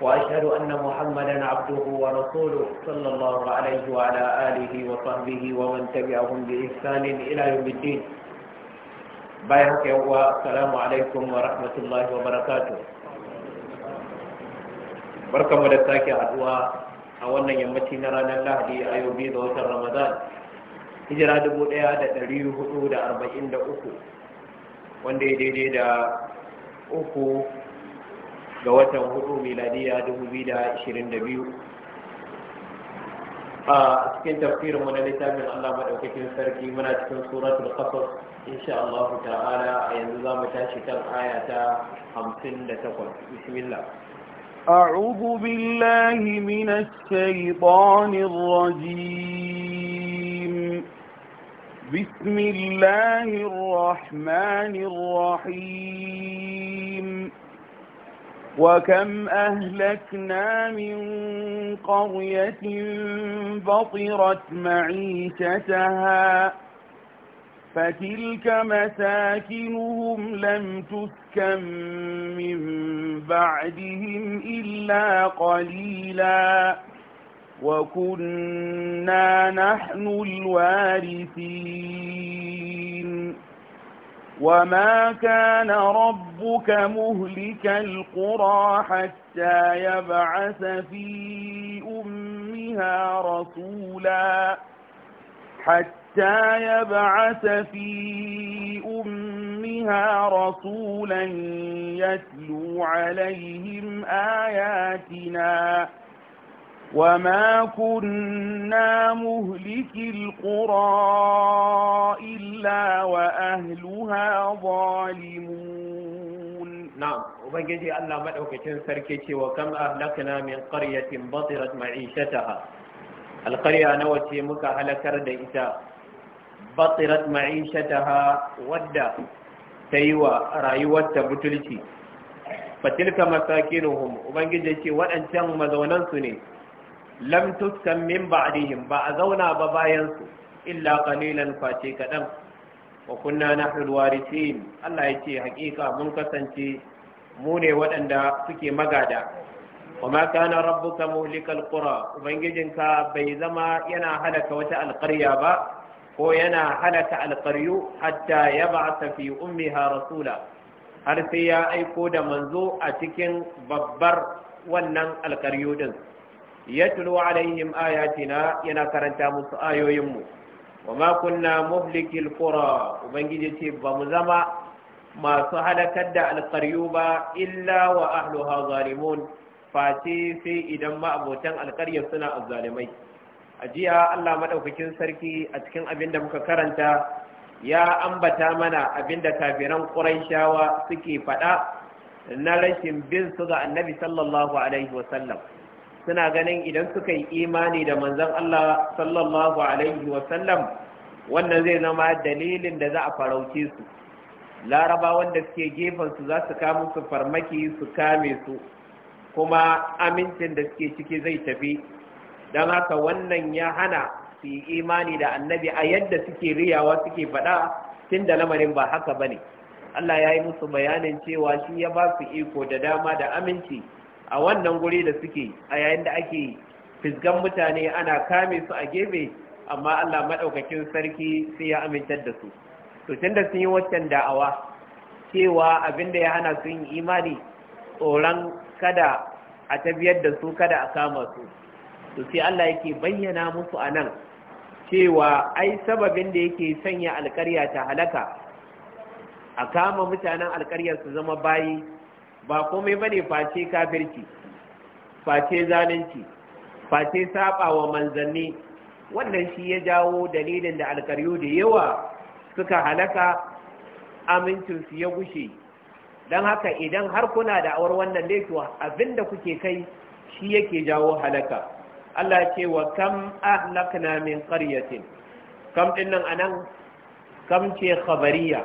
وأشهد أن محمدا عبده ورسوله صلى الله عليه وعلى آله وصحبه ومن تبعهم بإحسان إلى يوم الدين بايك السلام عليكم ورحمة الله وبركاته barkan mu da sake haɗuwa a wannan yammaci na ranar lahadi a yau biyu ga watan ramadan hijira dubu ɗaya da ɗari hudu da arba'in da uku wanda ya daidai da uku ga watan hudu miladiya 2022 a cikin tafsirinmu na littafin Allah maɗaukakin sarki muna cikin suratul qasas insha Allah ta'ala a yanzu za mu tashi kan aya ta 58 bismillah أعوذ بالله من الشيطان الرجيم بسم الله الرحمن الرحيم وكم أهلكنا من قرية بطرت معيشتها فتلك مساكنهم لم تسكن من بعدهم إلا قليلا وكنا نحن الوارثين وما كان ربك مهلك القرى حتى يبعث في أمها رسولا حتى يبعث في أمها رسولا يتلو عليهم آياتنا وما كنا مهلك القرى إلا وأهلها ظالمون نعم وبنجي الله مدعوك تنسركي وكم أهلكنا من قرية بطرت معيشتها القرية نوتي مكا هلكر دئتا بطرت معيشتها ودى تيوى رايوة بتلتي فتلك مساكنهم وبنجي وأنتم مذوننسني lam tuskan min ba'dihim ba a zauna ba bayan su illa qalilan face kadan wa kunna nahnu alwarithin Allah yace hakika mun kasance mu ne waɗanda suke magada Kuma ma kana rabbuka muhlikal qura ubangijinka bai zama yana halaka wata alqarya ba ko yana halaka alqaryu hatta yab'atha fi ummiha rasula har sai ya aiko da manzo a cikin babbar wannan alkaryu din yatlu alaihim ayatina yana karanta musu ayoyinmu wa ma kunna muhlikil qura ubangiji ce ba mu zama masu halakar da alƙaryu ba illa wa ahluha zalimun sai idan ma'abotan alƙaryar suna azzalimai a jiya Allah madaukakin sarki a cikin abin da muka karanta ya ambata mana abin da kafiran Qurayshawa suke faɗa na rashin bin su ga Annabi sallallahu alaihi wasallam suna ganin idan suka yi imani da manzan Allah sallallahu alaihi wasallam wannan zai zama dalilin da za a farauce su laraba wanda suke gefansu za su kama su farmaki su kame su kuma amincin da suke ciki zai tafi don haka wannan ya hana su yi imani da annabi a yadda suke riyawa suke faɗa tun da lamarin ba haka ba ne allah ya yi musu bayanin cewa shi ya ba su iko da dama da aminci a wannan guri da suke a yayin da ake fisgan mutane ana kame su a gefe amma Allah maɗaukakin sarki sai ya amintar da su to tunda sun yi waccan da'awa cewa abinda ya hana su yin imani tsoron kada a tafiyar da su kada a kama su to sai Allah yake bayyana musu a nan cewa ai sababin da yake sanya alkarya ta halaka a kama mutanen alkaryar su zama bayi ba komai bane face kafirci face zalunci face saba wa manzanni wannan shi ya jawo dalilin da alkaryu da yawa suka halaka amincinsu ya gushe dan haka idan har kuna da awar wannan laifuwa abinda kuke kai shi yake jawo halaka Allah ce wa kam ahlakna min qaryatin kam dinnan anan kam ce khabariya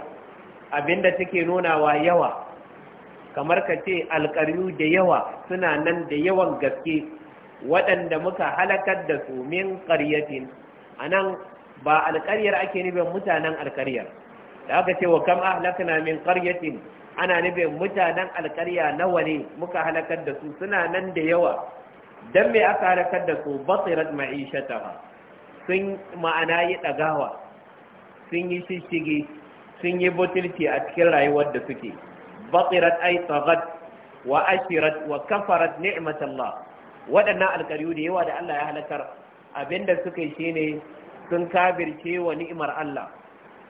abinda take nuna wa yawa kamar ka ce alƙaryu da yawa suna nan da yawan gaske waɗanda muka halakar da su min ƙaryatin a nan ba alƙaryar ake nufin mutanen alƙaryar da aka ce wa kam ahlakna min ƙaryatin ana nufin mutanen alƙarya nawa ne muka halakar da su suna nan da yawa dan me aka halakar da su basirat ma'ishataha sun ma'ana yi ɗagawa sun yi shishige sun yi butulci a cikin rayuwar da suke batirat ay taghat wa ashirat wa kafarat ni'mat Allah waɗannan alƙaryu da yawa da Allah ya halakar abinda suka yi shine sun kabirce wa ni'imar Allah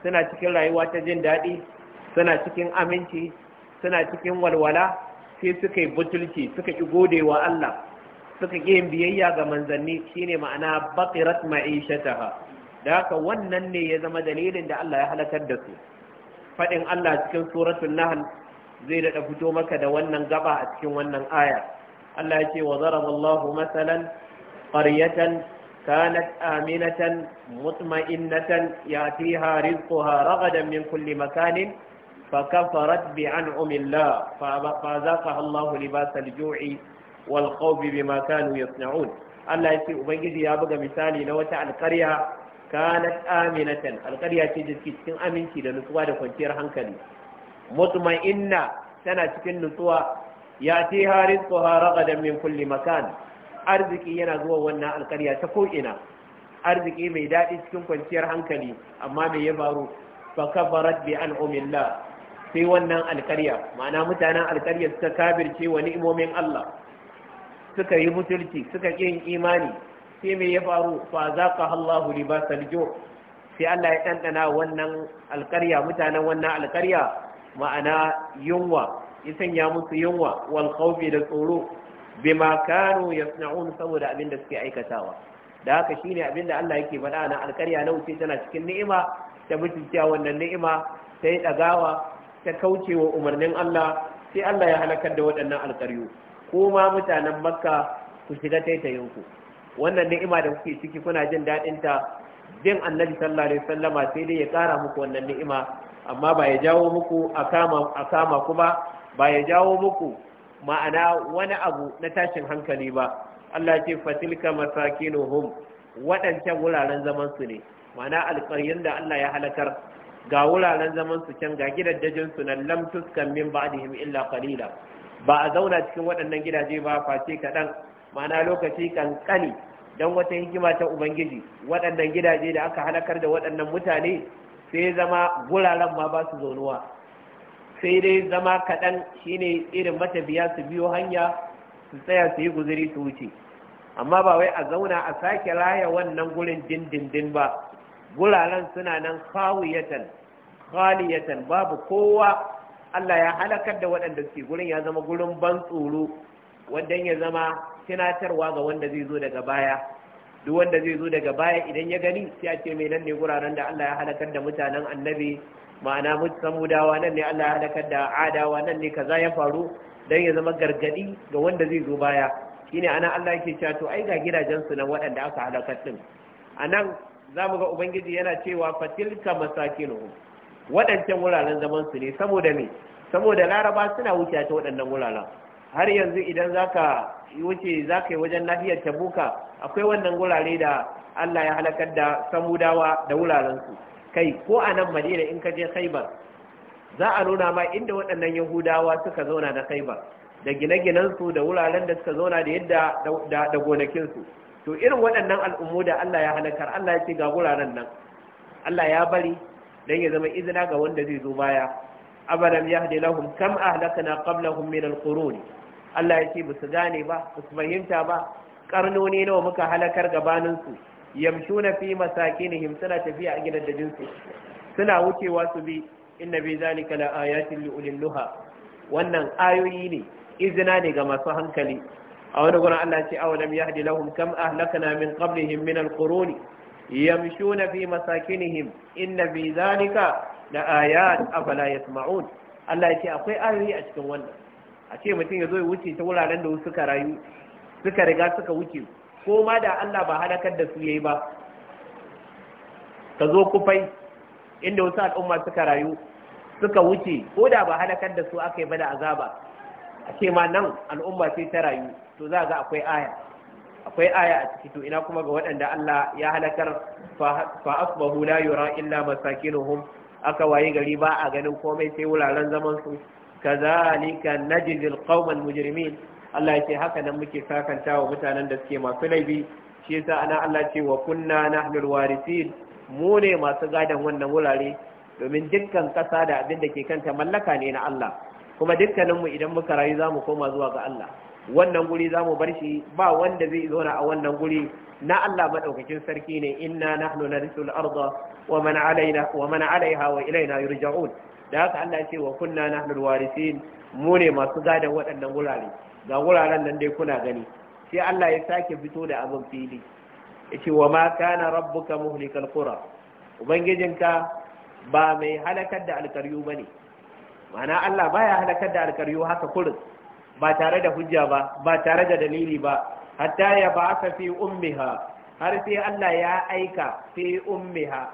suna cikin rayuwa ta jin daɗi suna cikin aminci suna cikin walwala sai suka yi butulci suka gode godewa Allah suka yi yin biyayya ga manzanni shine ma'ana baƙirat ma'ishataha da haka wannan ne ya zama dalilin da Allah ya halakar da su Faɗin Allah cikin suratul nahl zai daɗa fito maka da wannan gaba a cikin wannan aya Allah ya ce wa zaraballahu masalan qaryatan kanat aminatan mutma'innatan yatiha rizquha ragadan min kulli makanin فكفرت بأنعم الله فذاقها الله لباس الجوع والخوف بما كانوا يصنعون Allah ya ce Ubangiji ya buga misali na wata alkarya kanat aminatan alkarya ce da cikin aminci da nutsuwa da kwanciyar hankali mutma'inna tana cikin nutsuwa ya ce harin tsoha ragadan min kulli makan arziki yana zuwa wannan alkarya ta ko'ina arziki mai daɗi cikin kwanciyar hankali amma mai ya faru fakabarat bi al'umillah sai wannan alkarya ma'ana mutanen alkarya suka kabirce wa ni'imomin Allah suka yi mutulci suka ƙin imani sai mai ya faru fa za ka Allahu libasal jo sai Allah ya ɗanɗana wannan alkarya mutanen wannan alkarya ma'ana yunwa ya sanya musu yunwa wal khawfi da tsoro bima kanu yasna'un saboda abin da suke aikatawa da haka shine abin da Allah yake faɗa na alƙarya na wuce tana cikin ni'ima ta mutunta wannan ni'ima ta yi ɗagawa ta kaucewa umarnin Allah sai Allah ya halakar da waɗannan alƙaryu ko ma mutanen Makka ku shiga taitayinku wannan ni'ima da kuke ciki kuna jin daɗinta ta jin Annabi sallallahu alaihi wasallama sai dai ya ƙara muku wannan ni'ima amma ba ya jawo muku a kama ku ba ba ya jawo muku ma'ana wani abu na tashin hankali ba Allah ce fatilka masakinuhum waɗancan wuraren zaman su ne ma'ana alƙaryin da Allah ya halakar ga wuraren zaman su can ga gidajen su nan lam tuskan min ba'dihim illa qalila ba a zauna cikin waɗannan gidaje ba face kaɗan ma'ana lokaci kankani don wata hikima ta ubangiji waɗannan gidaje da aka halakar da waɗannan mutane sai zama guraren ma ba su zaunuwa sai dai zama kaɗan ne irin matabiya su biyo hanya su tsaya su yi guziri su wuce amma ba wai a zauna a sake raya wannan gurin dindindin ba guraren suna nan khawiyatan khaliyatan babu kowa Allah ya halakar da waɗanda suke gurin ya zama gurin ban tsoro wanda ya zama tunatarwa ga wanda zai zo daga baya duk wanda zai zo daga baya idan ya gani sai a ce mai nan ne guraren da Allah ya halakar da mutanen annabi ma'ana mutsamudawa nan ne Allah ya halakar da adawa nan ne kaza ya faru dan ya zama gargadi ga wanda zai zo baya shine ana Allah yake cewa to ai ga gidajen su nan waɗanda aka halakar din anan zamu ga ubangiji yana cewa fatilka masakinu Wadancan wuraren zaman su ne saboda me saboda laraba suna wuce ta waɗannan wuraren har yanzu idan zaka wuce zaka yi wajen nahiyar tabuka akwai wannan gurare da Allah ya halakar da samudawa da wurarensu kai ko a nan madina in ka je khaibar za a nuna ma inda waɗannan yahudawa suka zauna da khaibar da gine-ginensu da wuraren da suka zauna da yadda da gonakinsu to irin waɗannan al'ummu da Allah ya halakar Allah ya ce ga wuraren nan Allah ya bari don ya zama izina ga wanda zai zo baya abalam yahdi lahum kam ahlakna qablahum min alqurun Allah yake musu gane ba su fahimta ba karnoni nawa muka halakar gabanin su yamshuna fi masakinihim suna tafiya a gidaddajin su suna wucewa su bi inna bi zalika la ayatin li ulil nuha wannan ayoyi ne izina ne ga masu hankali a wani gurin Allah ce awalam yahdi lahum kam ahlakna min qablihim min alquruni yamshuna fi masakinihim inna bi zalika la ayat afala yasma'un Allah ya ce akwai ayoyi a cikin wannan a ce mutum ya zo ya wuce ta wuraren da suka rayu suka riga suka wuce ko ma da Allah ba halakar da su yayi ba ka zo kufai inda wasu al'umma suka rayu suka wuce ko da ba halakar da su aka yi ba da azaba a ce ma nan al'umma sai ta rayu to za ga akwai aya akwai aya a ciki to ina kuma ga waɗanda Allah ya halakar fa asbahu la yura illa masakinuhum aka wayi gari ba a ganin komai sai wuraren zaman su kazalika najzil qauman mujrimin Allah ya ce haka nan muke sakanta wa mutanen da suke masu laifi shi yasa ana Allah ce wa kunna nahnul warisin mu ne masu gadan wannan wurare domin dukkan kasa da abin da ke kanta mallaka ne na Allah kuma dukkaninmu idan muka rayu za mu koma zuwa ga Allah wannan guri za mu bar shi ba wanda zai zauna a wannan guri na Allah maɗaukacin sarki ne inna nahnu narisul arda wa man alaiha wa ilaina yurja'un da haka Allah ce wa kunna nahnu warisin mu ne masu gadan waɗannan gurare ga guraren nan dai kuna gani sai Allah ya sake fito da abin fili yace wa ma kana rabbuka muhlikal qura ubangijinka ba mai halakar da alkaryu bane ma'ana Allah baya halakar da alkaryu haka kurin ba tare da hujja ba ba tare da dalili ba hatta ya ba aka fi ummiha har sai Allah ya aika fi ummiha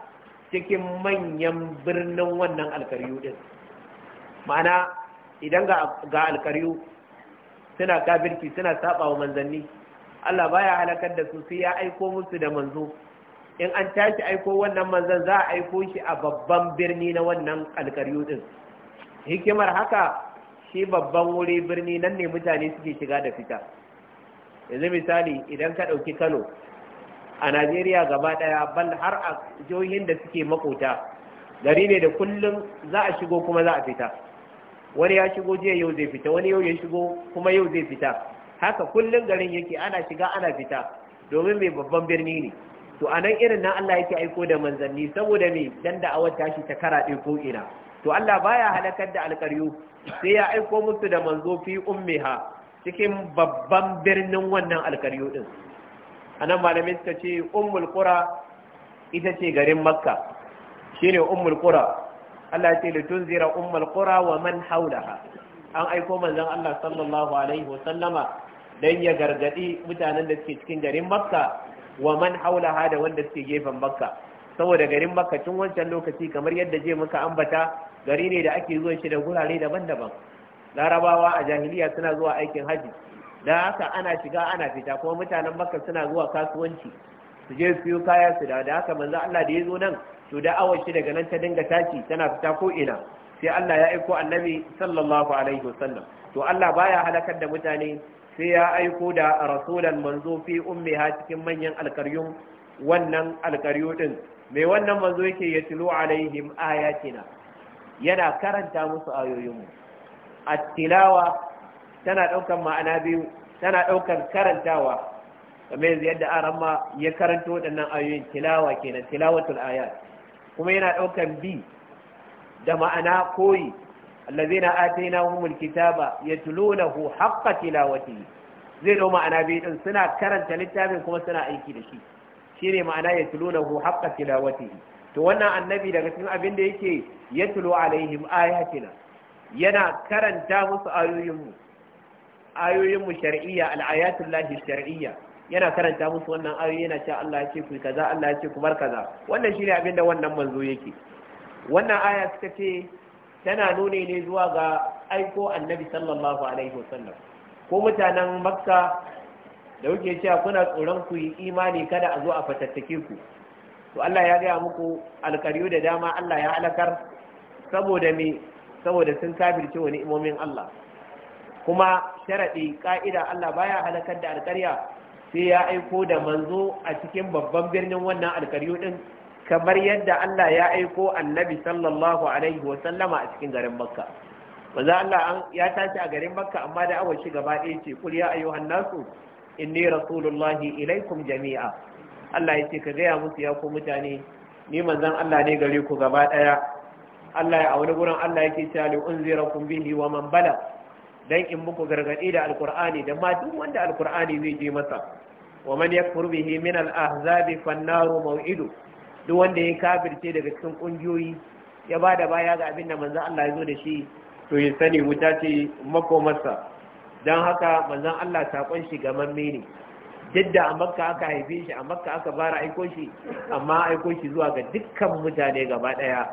cikin manyan birnin wannan alkaryu din ma'ana idan ga alkaryu suna kafirci suna saba wa manzanni Allah baya halakar da su sai ya aiko musu da manzo in an tashi aiko wannan manzan za a aiko shi a babban birni na wannan alkaryu din hikimar haka shi babban wuri birni nan ne mutane suke shiga da fita yanzu misali idan ka ɗauki kano a najeriya gaba ɗaya bal har a jihohin da suke makota gari ne da kullum za a shigo kuma za a fita wani ya shigo jiya yau zai fita wani yau ya shigo kuma yau zai fita haka kullum garin yake ana shiga ana fita domin mai babban birni ne to a nan irin nan Allah yake aiko da manzanni saboda mai danda da awar tashi ta karaɗe ko ina to Allah baya halakar da alƙaryu sai ya aiko musu da manzo fi ummiha cikin babban birnin wannan alkaryu din anan malamai suka ce ummul qura ita ce garin makka shine ummul qura Allah ya ce litunzira ummul qura wa man haulaha an aiko manzon Allah sallallahu alaihi wa sallama dan ya gargadi mutanen da suke cikin garin makka wa man haulaha da wanda suke gefen makka saboda garin makka tun wancan lokaci kamar yadda je muka ambata gari ne da ake zuwa shi da gurare daban-daban larabawa a jahiliya suna zuwa aikin hajji. da haka ana shiga ana fita kuma mutanen makka suna zuwa kasuwanci su je su yi kaya su da da haka manzo Allah da ya zo nan to da awar shi daga nan ta dinga tashi tana fita ko ina sai Allah ya aiko annabi sallallahu alaihi wasallam to Allah baya halakar da mutane sai ya aiko da rasulan manzo fi ummi ha cikin manyan alkaryu wannan alkaryu din mai wannan manzo yake ya alaihim ayatina yana karanta musu ayoyinmu at-tilawa tana ɗaukar ma'ana biyu tana ɗaukar karantawa kamar yanzu yadda aramma ya karanta waɗannan ayoyin tilawa kenan tilawatul ayat kuma yana ɗaukar bi da ma'ana koyi allazina humul kitaba yatlunahu haqqa tilawatihi zai dau ma'ana biyu din suna karanta littafin kuma suna aiki da shi shine ma'ana yatlunahu haqqa tilawatihi to wannan annabi daga cikin abin da yake yatlu alaihim ayatina yana karanta musu ayoyinmu ayoyinmu shar'iyya al'ayatul lahi shar'iyya yana karanta musu wannan ayoyi yana cewa Allah ya ce ku kaza Allah ya ce ku bar kaza wannan shine abin da wannan manzo yake wannan aya suka ce tana nuni ne zuwa ga aiko annabi sallallahu alaihi wasallam ko mutanen makka da kuke cewa kuna tsoron ku yi imani kada a zo a fatattake ku to Allah ya gaya muku alkaryu da dama Allah ya halakar saboda mi saboda sun kafirce wani imomin Allah kuma sharadi ka'ida Allah baya halakar da alkarya sai ya aiko da manzo a cikin babban birnin wannan alkaryu din kamar yadda Allah ya aiko annabi sallallahu alaihi wa sallama a cikin garin Makka manzo Allah ya tashi a garin Makka amma da awa shi gaba ɗaya ce kul ya ayyuhan nasu inni rasulullahi ilaikum jami'a Allah ya ce ka gaya musu ya ku mutane ni manzan Allah ne gare ku gaba ɗaya. Allah ya a wani gurin Allah yake cewa li unzirakum bihi wa man bala dan in muku gargadi da alqur'ani da ma duk wanda alqur'ani zai je masa wa man yakfur bihi min al-ahzabi fan-naru maw'idu duk wanda ya kafirce daga cikin kungiyoyi ya bada baya ga abin da manzon Allah ya zo da shi to ya sani wuta ce makomarsa dan haka manzon Allah sakon shi ga mamme ne yadda a makka aka haife shi a makka aka bara aiko shi amma aiko shi zuwa ga dukkan mutane gaba ɗaya.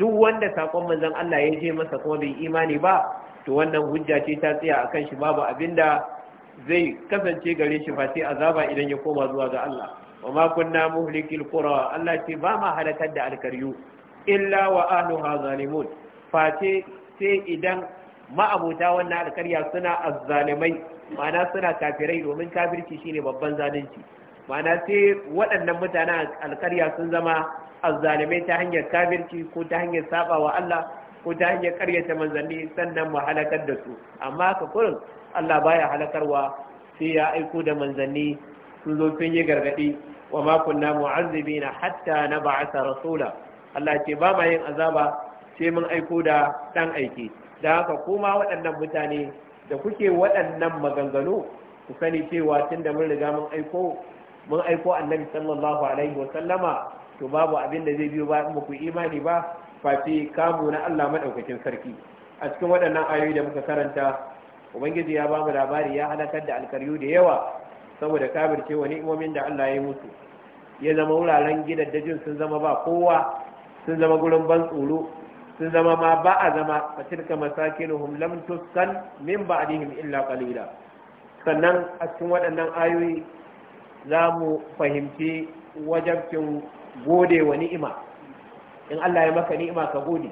duk wanda sakon manzon Allah ya je masa kuma bai imani ba to wannan hujja ce ta tsaya akan shi babu abinda zai kasance gare shi fa sai azaba idan ya koma zuwa ga Allah wa ma kunna muhlikil qura Allah ce ba ma halakar da alkaryu illa wa ahluha zalimun face sai idan ma'abuta wannan alkarya suna azzalimai ma'ana suna kafirai domin kafirci shine babban zalunci ma'ana sai waɗannan mutanen alƙarya sun zama azzalimai ta hanyar kafirci ko ta hanyar saba Allah ko ta hanyar ƙaryata manzanni sannan mu halakar da su amma ka kurin Allah baya halakarwa sai ya aiko da manzanni sun zo sun yi gargaɗi wa ma kunna mu'azzibina hatta na ba'asa rasula Allah ce ba ma yin azaba sai mun aiko da ɗan aiki dan haka kuma waɗannan mutane da kuke waɗannan maganganu ku sani cewa tun da mun riga mun aiko mun aiko annabi sallallahu alaihi wa sallama to babu abin da zai biyo ba in ku imani ba face kamu na Allah madaukakin sarki a cikin waɗannan ayoyi da muka karanta ubangiji ya bamu labari ya halakar da alkaryu da yawa saboda ce wa ni'imomin da Allah ya yi musu ya zama wuraren gidajen sun zama ba kowa sun zama gurin ban tsoro sun zama ma ba a zama a cirka masakinuhum lam tuskan min ba'dihim illa qalila sannan a cikin waɗannan ayoyi za mu fahimci wajabcin gode wa ni'ima in Allah ya maka ni'ima ka gode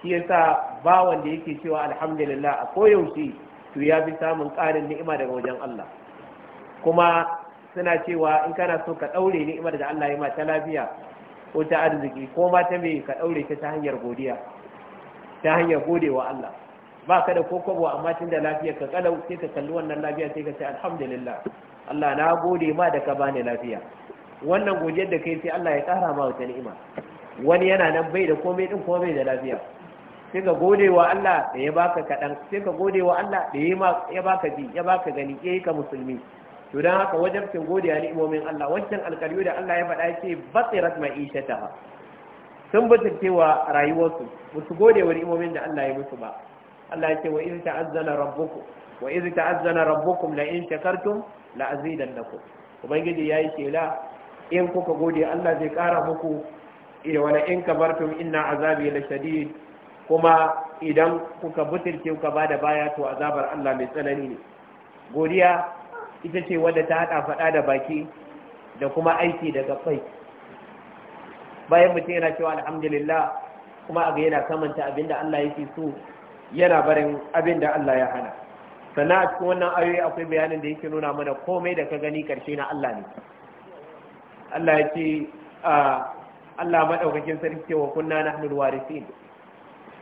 shi yasa ba wanda yake cewa alhamdulillah a koyaushe to ya fi samun ƙarin ni'ima daga wajen Allah kuma suna cewa in kana so ka ɗaure ni'imar da Allah ya ma ta lafiya ko ta arziki ko ma ta mai ka ɗaure ta ta hanyar godiya ta hanyar gode wa Allah ba ka da ko kwabo amma tun da lafiyar ka kalau sai ka kalli wannan lafiya sai ka ce alhamdulillah Allah na gode ma da ka bani lafiya wannan godiyar da kai sai Allah ya kara ma wata ni'ima wani yana nan bai da komai din komai da lafiya sai ka gode wa Allah da ya baka kaɗan sai ka gode wa Allah da ya baka ji ya baka gani ya yi ka musulmi to dan haka wajabcin godiya ni'imomin Allah wancan alƙaryu da Allah ya faɗa yake batirat ma'ishataha sun batantewa rayuwarsu ba su gode wa ni'imomin da Allah ya musu ba Allah ya ce wa in ta'azzana rabbukum wa in ta'azzana rabbukum la in shakartum la azidannakum ubangiji yayi shela in kuka gode Allah zai kara muku wala in kabartum inna azabi la kuma idan kuka butulce kuka bada baya to azabar Allah mai tsanani ne godiya ita ce wadda ta haɗa faɗa da baki da kuma aiki da gabbai bayan mutum yana cewa alhamdulillah kuma abu yana kamanta da Allah yake so yana barin da Allah ya hana sannan a cikin wannan ayoyi akwai bayanin da yake nuna mana komai da ka gani karshe na Allah ne Allah ya ce Allah maɗaukakin sarki cewa kunna nahnu alwarisin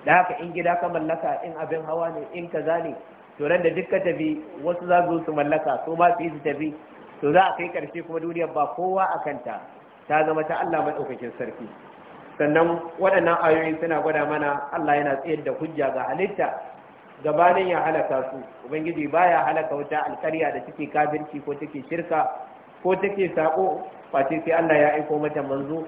da haka in gida ka mallaka in abin hawa ne in kaza ne to ran da dukka tafi wasu za su su mallaka su ba su yi tafi to za a kai karshe kuma duniyar ba kowa a kanta ta zama ta Allah maɗaukakin sarki sannan waɗannan ayoyin suna gwada mana Allah yana tsayar da hujja ga halitta gabanin ya halaka su ubangiji baya halaka wata alƙarya da take kafirci ko take shirka ko take sako face sai Allah ya aiko mata manzo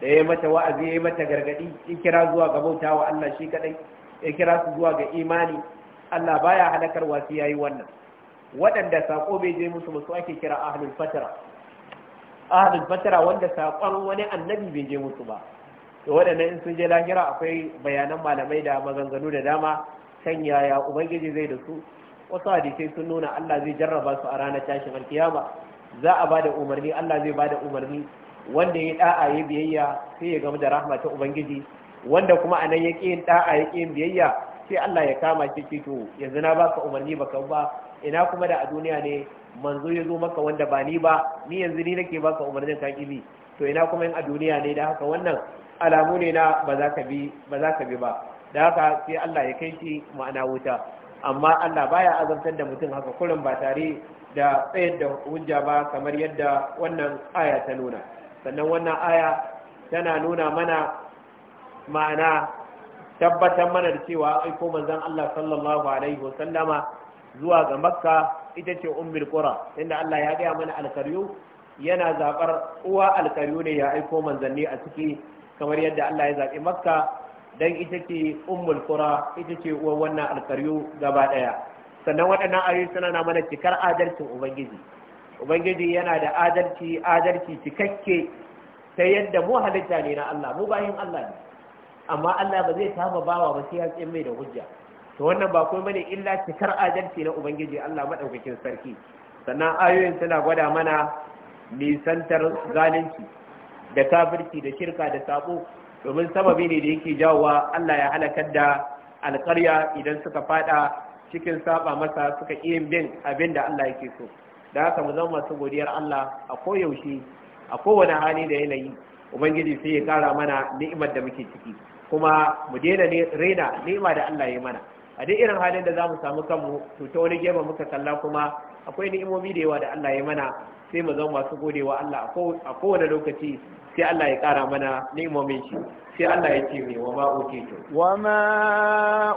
da ya mata wa'azi ya mata gargadi ya kira zuwa ga bautawa Allah shi kadai ya kira su zuwa ga imani Allah baya halakarwa sai yayi wannan waɗanda saƙo bai je musu musu ake kira ahlul fatara ahlul fatara wanda saƙon wani annabi bai je musu ba to waɗannan in sun je lahira akwai bayanan malamai da maganganu da dama kan yaya ubangiji zai da su wasu hadisai sun nuna Allah zai jarraba su a ranar tashin alkiyama za a ba da umarni Allah zai ba da umarni wanda ya da'a ya biyayya sai ya gamu da rahma ta ubangiji wanda kuma anan ya ƙi yin da'a ya ƙi yin biyayya sai Allah ya kama shi ce yanzu na baka umarni baka ba ina kuma da a duniya ne manzo ya zo maka wanda ba ni ba ni yanzu ni nake baka umarnin ka kibi to ina kuma in a duniya ne da haka wannan alamu ne na ba za ka bi ba za ka bi ba da haka sai Allah ya kai shi ma'ana wuta amma Allah baya azabtar da mutum haka kurin ba tare da tsayar da hujja ba kamar yadda wannan aya ta nuna sannan wannan aya tana nuna mana ma'ana tabbatar mana da cewa aiko manzon Allah sallallahu alaihi wasallama zuwa ga makka ita ce ummul qura inda Allah ya gaya mana alkaryu yana zabar uwa alkaryu ne ya aiko manzanni a ciki kamar yadda Allah ya zaɓi makka dan ita ce ummul qura ita ce uwa wannan alkaryu gaba daya sannan waɗannan ayoyi suna na mana cikar adalcin ubangiji ubangiji yana da adalci adalci cikakke ta yadda mu halitta ne na Allah mu bayin Allah ne amma Allah ba zai kama bawa ba sai ya tsaye mai da hujja to wannan ba kuma bane illa cikar adalci na ubangiji Allah maɗaukakin sarki sannan ayoyin suna gwada mana nisantar zalunci da kafirci da shirka da sabo domin sababi ne da yake jawowa Allah ya halakar da alƙarya idan suka fada cikin saba masa suka iya bin abin da Allah yake so da haka mu zama masu godiyar Allah a koyaushe a kowane hali da yanayi ubangiji sai ya kara mana ni'imar da muke ciki kuma mu daina rena raina ni'ima da Allah ya mana a duk irin halin da zamu samu kanmu to ta wani gefe muka kalla kuma akwai ni'imomi da yawa da Allah ya mana sai mu zama masu godewa Allah a kowane lokaci sai Allah ya kara mana ni'imomin shi sai Allah ya ce mai wa ma utitu wa ma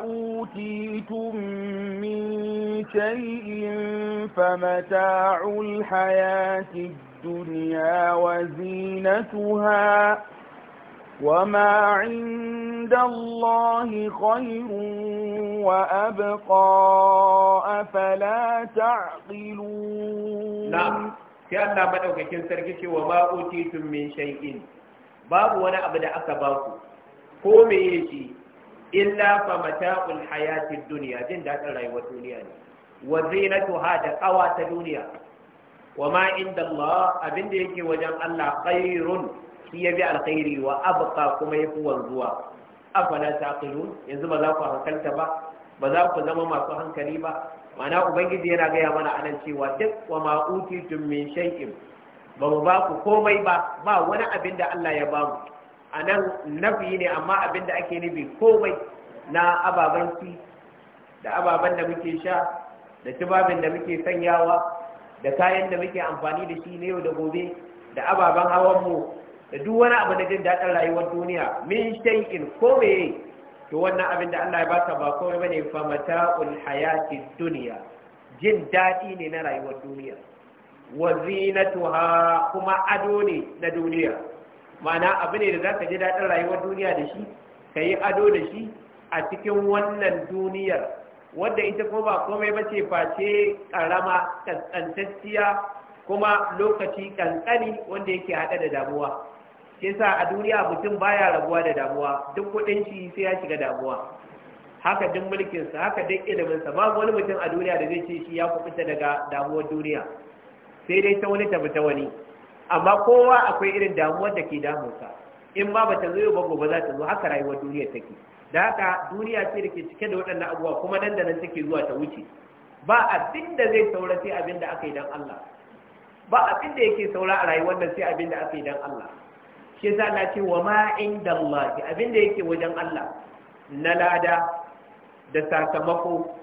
utitu min shay'in fa mata'ul hayatid الدنيا وزينتها وما عند الله خير وأبقى أفلا تعقلون نعم sai Allah madaukakin sarki cewa ma utitum min shay'in babu wani abu da aka ba ko me yake illa fa mata'ul hayatid dunya jin rayuwar duniya ne da qawa ta duniya wa ma inda Allah yake wajen Allah khairun shi ya bi alkhairi wa abqa kuma yafi wanzuwa afala taqilun yanzu ba za ku hankalta ba ba za ku zama masu hankali ba mana ubangiji yana gaya mana anan cewa duk wa ma utitum min shay'in ba mu ba ku komai ba ba wani abin da Allah ya ba mu anan nafi ne amma abin da ake nufi komai na ababen da ababen da muke sha da tubabin da muke sanyawa da kayan da muke amfani da shi na yau da gobe da ababen mu da duk wani abu na jin daɗin rayuwar duniya min shay'in ko meye to wannan abin da Allah ya baka ba komai bane fa mata'ul hayati dunya jin daɗi ne na rayuwar duniya wa zinatuha kuma ado ne na duniya ma'ana abu ne da zaka ji daɗin rayuwar duniya da shi kayi ado da shi a cikin wannan duniyar wadda ita kuma ba komai ba ce face karama kaskantacciya kuma lokaci kankani wanda yake haɗa da damuwa shi sa a duniya mutum baya rabuwa da damuwa duk kuɗin shi sai ya shiga damuwa haka duk sa haka duk sa babu wani mutum a duniya da zai ce shi ya kuɓuta daga damuwar duniya sai dai ta wani tafi ta wani amma kowa akwai irin damuwar da ke damunsa in ma bata zo ba gobe za ta zo haka rayuwar duniya take da haka duniya ce da ke cike da waɗannan abubuwa kuma nan da nan take zuwa ta wuce ba abin da zai saura sai abin da aka yi don Allah ba abin da yake saura a rayuwar nan sai abin da aka yi don Allah shi yasa Allah ce wa ma inda Allah abin da yake wajen Allah na lada da sakamako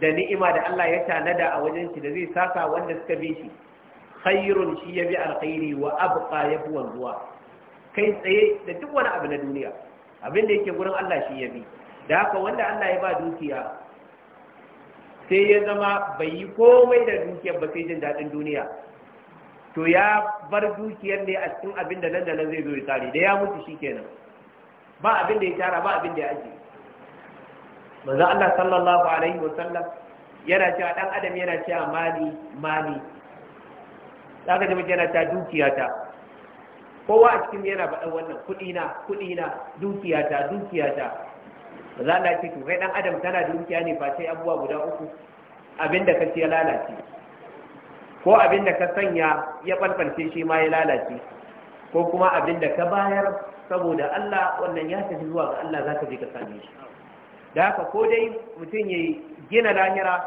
da ni'ima da Allah ya tanada a wajen shi da zai saka wanda suka bi shi khairun shi ya bi alkhairi wa abqa yafi kai tsaye da duk wani abu na duniya abin da yake gurin Allah shi ya bi da haka wanda Allah ya ba dukiya sai ya zama bai yi komai da dukiyar ba sai jin daɗin duniya to ya bar dukiyar ne a cikin abin da nan da nan zai zo ya tare da ya mutu shi kenan ba abin da ya tara ba abin da ya ajiye manzo Allah sallallahu alaihi wa sallam yana cewa dan adam yana cewa mali mali zaka ji mutum yana ta dukiyata kowa a cikin yana faɗa wannan kuɗi na kuɗi na dukiya ta dukiya ta ba za a ce to kai dan adam tana da dukiya ne ba sai abubuwa guda uku abinda ka ce ya lalace ko abinda ka sanya ya falfalce shi ma ya lalace ko kuma abinda ka bayar saboda Allah wannan ya tafi zuwa ga Allah za ka je ka same shi da haka ko dai mutum ya gina lahira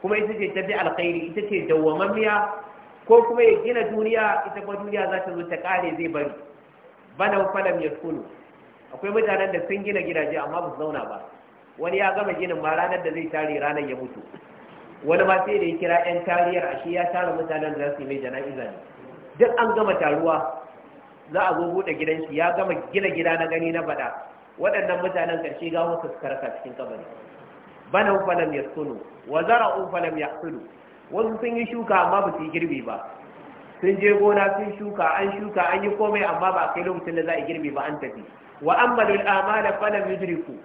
kuma ita ce ta bi alkhairi ita ce dawwamammiya ko kuma ya gina duniya ita kuma duniya za ta zo ta kare zai bari bana falam ya kunu akwai mutanen da sun gina gidaje amma ba su zauna ba wani ya gama ginin ma ranar da zai tare ranar ya mutu wani ma sai da ya kira yan tariyar shi ya tara mutanen da za su yi mai jana'iza ne duk an gama taruwa za a zo buɗe gidan shi ya gama gina gida na gani na bada waɗannan mutanen ƙarshe ga wasu karka cikin kabari bana falam ya kunu wa zara'u falam ya wasu sun yi shuka amma ba su yi girbi ba sun je gona sun shuka an shuka an yi komai amma ba a kai lokacin da za a girbi ba an tafi wa ammalul amala falam yudriku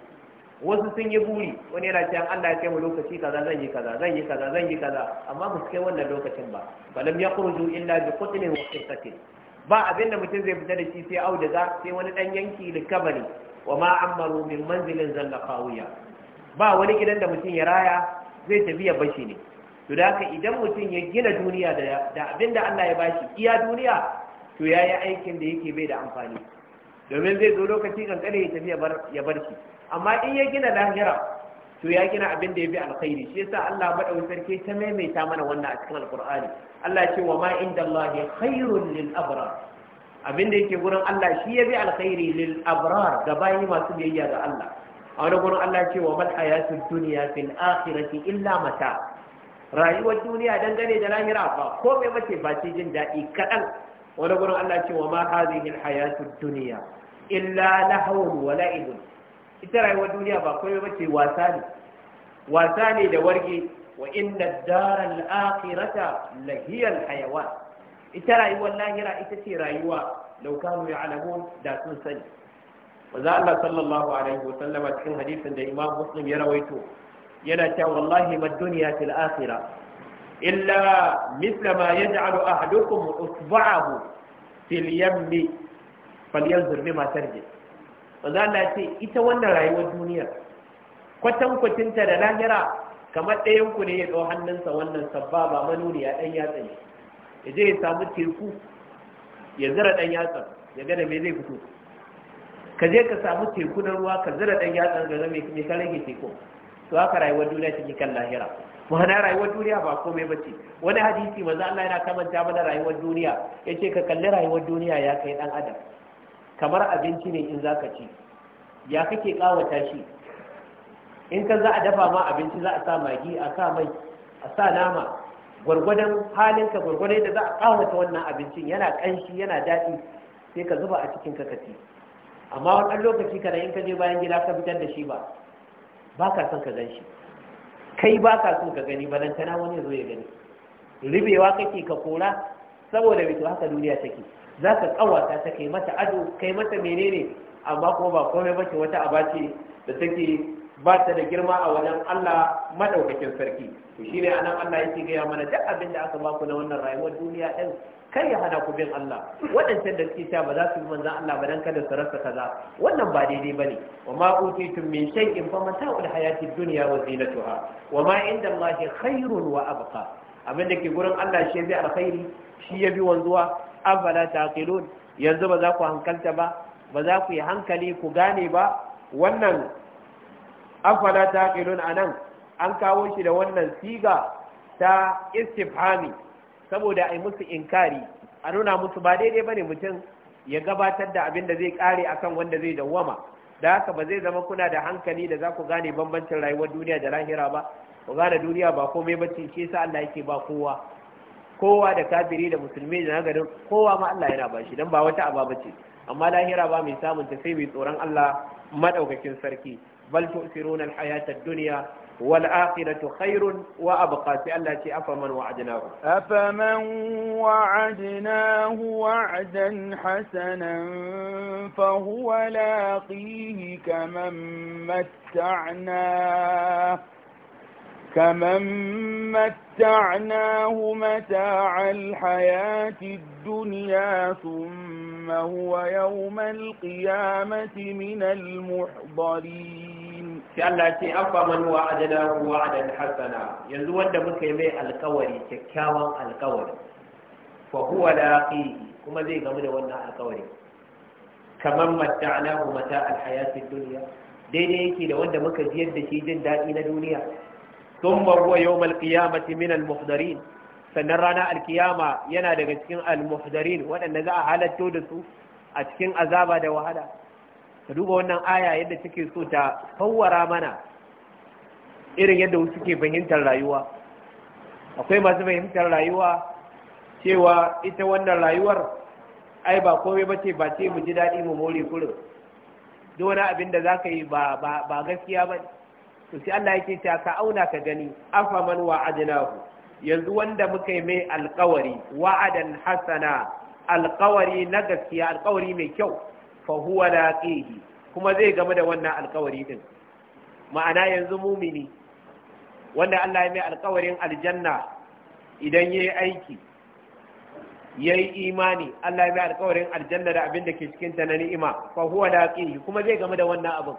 wasu sun yi buri wani yana cewa Allah ya kai mu lokaci kaza zan yi kaza zan yi kaza zan yi kaza amma ba su kai wannan lokacin ba balam yakhruju illa bi qutlin wa qisatin ba abin da mutum zai fita da shi sai auduga sai wani dan yanki likabari wa ma amaru min manzilin zalla qawiya ba wani gidan da mutum ya raya zai tafi ya bashi ne to da haka idan mutum ya gina duniya da abin da Allah ya bashi iya duniya to ya yi aikin da yake bai da amfani domin zai zo lokaci kankare ya tafi ya bar shi amma in ya gina lahira to ya gina abin da ya bi alkhairi shi yasa Allah madawin sarki ta maimaita mana wannan a cikin alqur'ani Allah ce wa ma inda Allah khairun lil abrar abin da yake gurin Allah shi ya bi alkhairi lil abrar ga bayi masu biyayya ga Allah a wani gurin Allah ce wa mal hayatud dunya fil akhirati illa mata' rayuwar duniya dangane da lahira ba komai mace ba ce jin daɗi kaɗan wani gurin Allah ce wa ma hazihi alhayatu dunya illa lahawun wa la'ibun ita rayuwar duniya ba komai mace wasa ne wasa ne da warge wa inna daral akhirata lahiyal hayawan ita rayuwar lahira ita ce rayuwa law kanu ya'lamun da sun sani manzo Allah sallallahu alaihi wa sallama cikin hadisin da Imam Muslim ya yana cewa wallahi mad dunya fil akhirah illa mithla ma yaj'alu ahadukum usba'ahu fil yammi falyanzur bima tarji manzo Allah ce ita wannan rayuwar duniya kwatan kwatinta da lahira kamar ɗayan ku ne ya ɗau hannunsa wannan sabba ba manuniya ɗan yatsa ne ya je ya samu teku ya zira ɗan yatsa ya gada me zai fito ka je ka samu teku na ruwa ka zira ɗan yatsa ga me ka rage teku to haka rayuwar duniya take kan lahira ma'ana rayuwar duniya ba komai ba ce wani hadisi Maza Allah yana kamanta mana rayuwar duniya Ya ce ka kalli rayuwar duniya ya kai dan adam kamar abinci ne in za ka ci ya kake kawata shi in ka za a dafa ma abinci za a sa magi a sa mai a sa nama gwargwadon halinka gwargwadon da za a kawata wannan abincin yana kanshi yana daɗi sai ka zuba a cikin kakati amma wani lokaci kana in ka je bayan gida ka fitar da shi ba ba ka son ka gan kai ba ka son ka gani balantana wani zo ya gani ribewa kake ka kora saboda mai haka duniya take za ka kawata ta kai mata ado kai mata menene amma kuma ba komai bace wata aba ce da take ba ta da girma a wajen Allah madaukakin sarki to shine anan Allah yake gaya mana duk abin da aka baku na wannan rayuwar duniya din kar ya hana ku bin Allah waɗancan da suke ba za su yi manzan Allah ba dan kada su rasa kaza wannan ba daidai bane wa ma utitum min shay'in fa mata'ul hayati dunya wa zinatuha wa ma inda Allah khairun wa abqa abin da ke gurin Allah shi bi alkhairi shi ya bi wanzuwa afala taqilun yanzu ba za ku hankalta ba ba za ku yi hankali ku gane ba wannan afala taqilun anan an kawo shi da wannan siga ta istifhami saboda a yi musu inkari a nuna musu ba daidai bane mutum ya gabatar da abin da zai kare akan wanda zai dawwama da haka ba zai zama kuna da hankali da za ku gane bambancin rayuwar duniya da lahira ba ku gane duniya ba komai ba ce shi yasa Allah yake ba kowa kowa da kafiri da musulmi da nagarin kowa ma Allah yana ba shi dan ba wata aba ce. amma lahira ba mai samun ta sai mai tsoron Allah madaukakin sarki bal tu'siruna al-hayata ad-dunya والآخرة خير وأبقى سألة أفمن وعدناه أفمن وعدناه وعدا حسنا فهو لاقيه كمن متعناه كمن متعناه متاع الحياة الدنيا ثم هو يوم القيامة من المحضرين sai Allah ce an ba man wa adana a dan hasana yanzu wanda muka yi mai alkawari kyakkyawan alkawari fa huwa laqi kuma zai gamu da wannan alkawari kaman matta'nahu mata alhayatid dunya daidai yake da wanda muka ji yadda shi jin daɗi na duniya thumma huwa yawm alqiyamati min almuhdarin sannan rana alkiyama yana daga cikin almuhdarin waɗanda za a halatto da su a cikin azaba da wahala ka duba wannan aya yadda take so ta kawara mana irin yadda wasu suke fahimtar rayuwa akwai masu fahimtar rayuwa cewa ita wannan rayuwar ai ba komai ba ce ba ce mu ji daɗi mu more kurin duk wani abin da za ka yi ba gaskiya ba to sai Allah yake ta ka auna ka gani afa wa wa'adnahu yanzu wanda muka yi mai alƙawari wa'adan hasana alƙawari na gaskiya alƙawari mai kyau fa huwa laqihi kuma zai game da wannan alkawari din ma'ana yanzu mumini wanda Allah ya mai alkawarin aljanna idan yayi aiki yayi imani Allah ya mai alkawarin aljanna da abin da ke cikin ta na ni'ima fa huwa laqihi kuma zai game da wannan abin